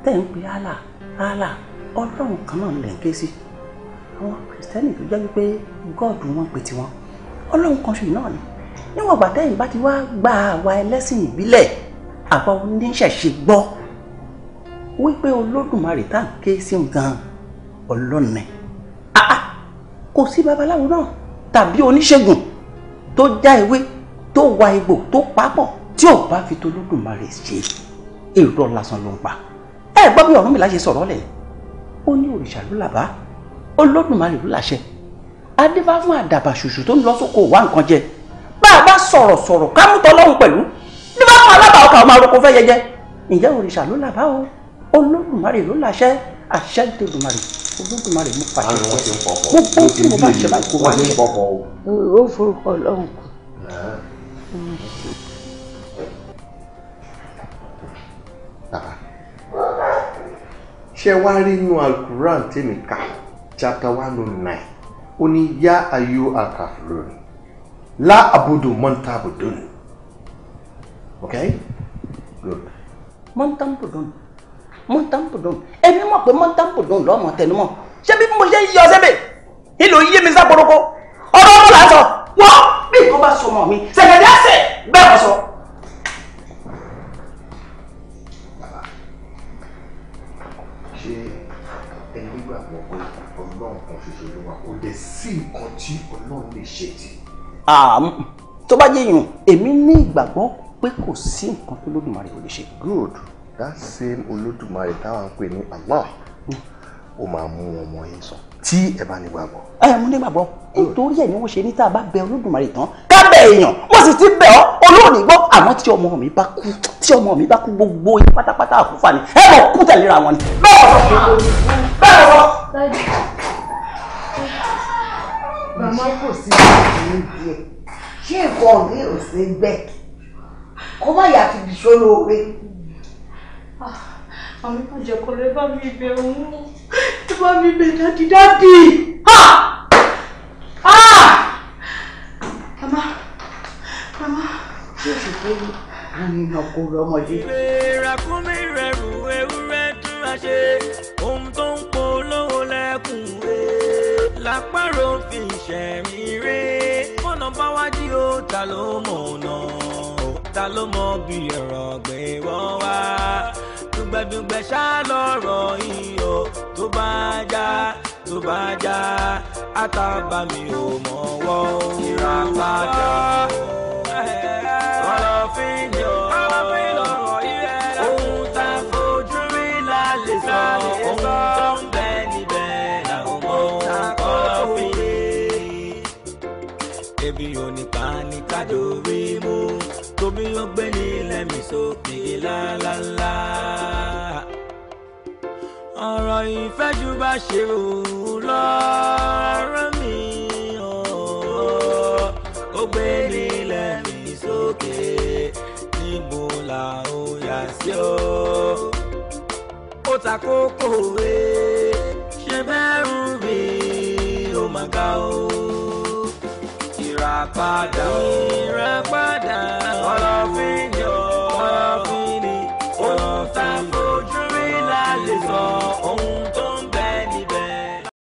tẹ́ ẹ ń pe Allah rárá ọlọ́run kan náà lè ké sí àwọn kìrìsìtẹ́nì tó jẹ́ wípé gọ́ọ̀dù wọn pè tiwọn ọlọ́run kan ṣe náà ni níwọ̀n ìgbà tẹ́yìn bá ti wá gba àwa ẹlẹ́sìn ìbílẹ̀ àwa oníṣẹ̀ṣe gbọ́ wípé olódùmarè tá à ń ké sí gan ọlọ́nà kò sí babaláwo náà tàbí oníṣègùn tó já ewé tó wa egbò tó papọ̀ tí ò bá fi tolódùmarè ṣe èrò lásán ló ń pa ẹ gbọ́ bí Ọ̀rúnmìlà ṣe sọ̀rọ̀ lẹ̀ ó ní òrìṣà ló làbá Olódùmarè ló làṣẹ adébá fún àdàbà ṣùṣù tó ń lọ sóko wá nǹkan jẹ bá a bá sọ̀rọ̀ sọ̀rọ̀ ká mú tọ́lọ́hún pẹ̀lú nígbà fún alábà ọkà ọmọ aroko fẹ́ yẹyẹ ǹjẹ́ òrìṣà ló làbá o Olódùmarè ló làṣẹ àṣẹ Olódùmarè Olódùmarè mú pàṣẹ jẹ gbogbo tí mo bá ṣe bá kó wà ní ẹ ó forúkọ Ọlọ́run kù. Bàbá ṣe wá rí inú alukuran tèmi ká chapter one oh nine ó ní yá ayú àkàfùrún lá àbùdù mọ́ntàbùdùn ok good. mọ́ntàbùdùn mọ́ntàbùdùn èmi mọ̀ pé mọ́ntàbùdùn lọ́mọ tẹnumọ́ ṣé bí mo ṣe ń yọ sẹ́bẹ̀ ìlò yé mi sáporoko ọ̀rọ̀ ọ̀rọ̀ là ń sọ wọ́n bí nǹkan bá so mọ̀ mi sẹ̀kẹ̀dẹ̀ bẹ́ẹ̀ wọ́n sọ. sí nǹkan tí ọlọ́run lè ṣe tí. tó bá jẹ́ yùn èmi ní ìgbàgbọ́ pé kò sí nǹkan tó lódùmarè ò lè ṣe. good that same olódùmarè táwọn ń pè ní Allah ó máa mú ọmọ yín sàn tí ẹ bá nígbàgbọ́. ẹ mo nígbàgbọ́ nítorí ẹ ni wọ́n ṣe ní tá a bá bẹ olódùmarè tán ká bẹ èèyàn mo sì ti bẹ ọ olóòní gbọ́ àmọ́ tí ọmọ mi bá kú tí ọmọ mi bá kú gbogbo yín pátápátá àkúfà ni ẹ mọ̀ kú tẹ̀léra wọn ni. bẹ́ẹ̀ ah. sọ bẹ́ẹ̀ sọ àmọ́ kò sí ìdílé díẹ̀ ṣé nǹkan mi ò ṣe gbẹ kó má yà fi bìṣó lóore. àwọn ìbàjẹ́ kò lè bá mi bẹ̀ wọ́n tó bá mi bẹ̀ dáàdì ah! ah! màmá màmá. ṣé o ti fẹ́ mi àwọn èèyàn kò rọ ọmọdé. ìrẹ̀kúnmí rẹ̀ rù ewúrẹ́ dúró ṣe ohun tó ń kápárò fi ṣẹ̀mí ré mọ̀nà bá wájú ó ta ló mọ̀ ọ̀nà ta ló mọ̀ bí ọ̀rọ̀ gbé wọ́n wá dùgbẹ̀dùgbẹ̀ ṣá lọ́rọ̀ iyọ̀ tó bá já tó bá já àtàbàmì ò mọ̀ wọ́n ìrà padà. sókè lálálá ọ̀rọ̀ ìfẹ́ ju bá ṣe òun lọ́rọ́ mi ó gbé nílẹ̀ mi sókè níbo la ó yà sí o ó ta kókó wé ṣe bẹ́rù mi ó mà ga o ìràpadà ìràpadà ọlọ́fin.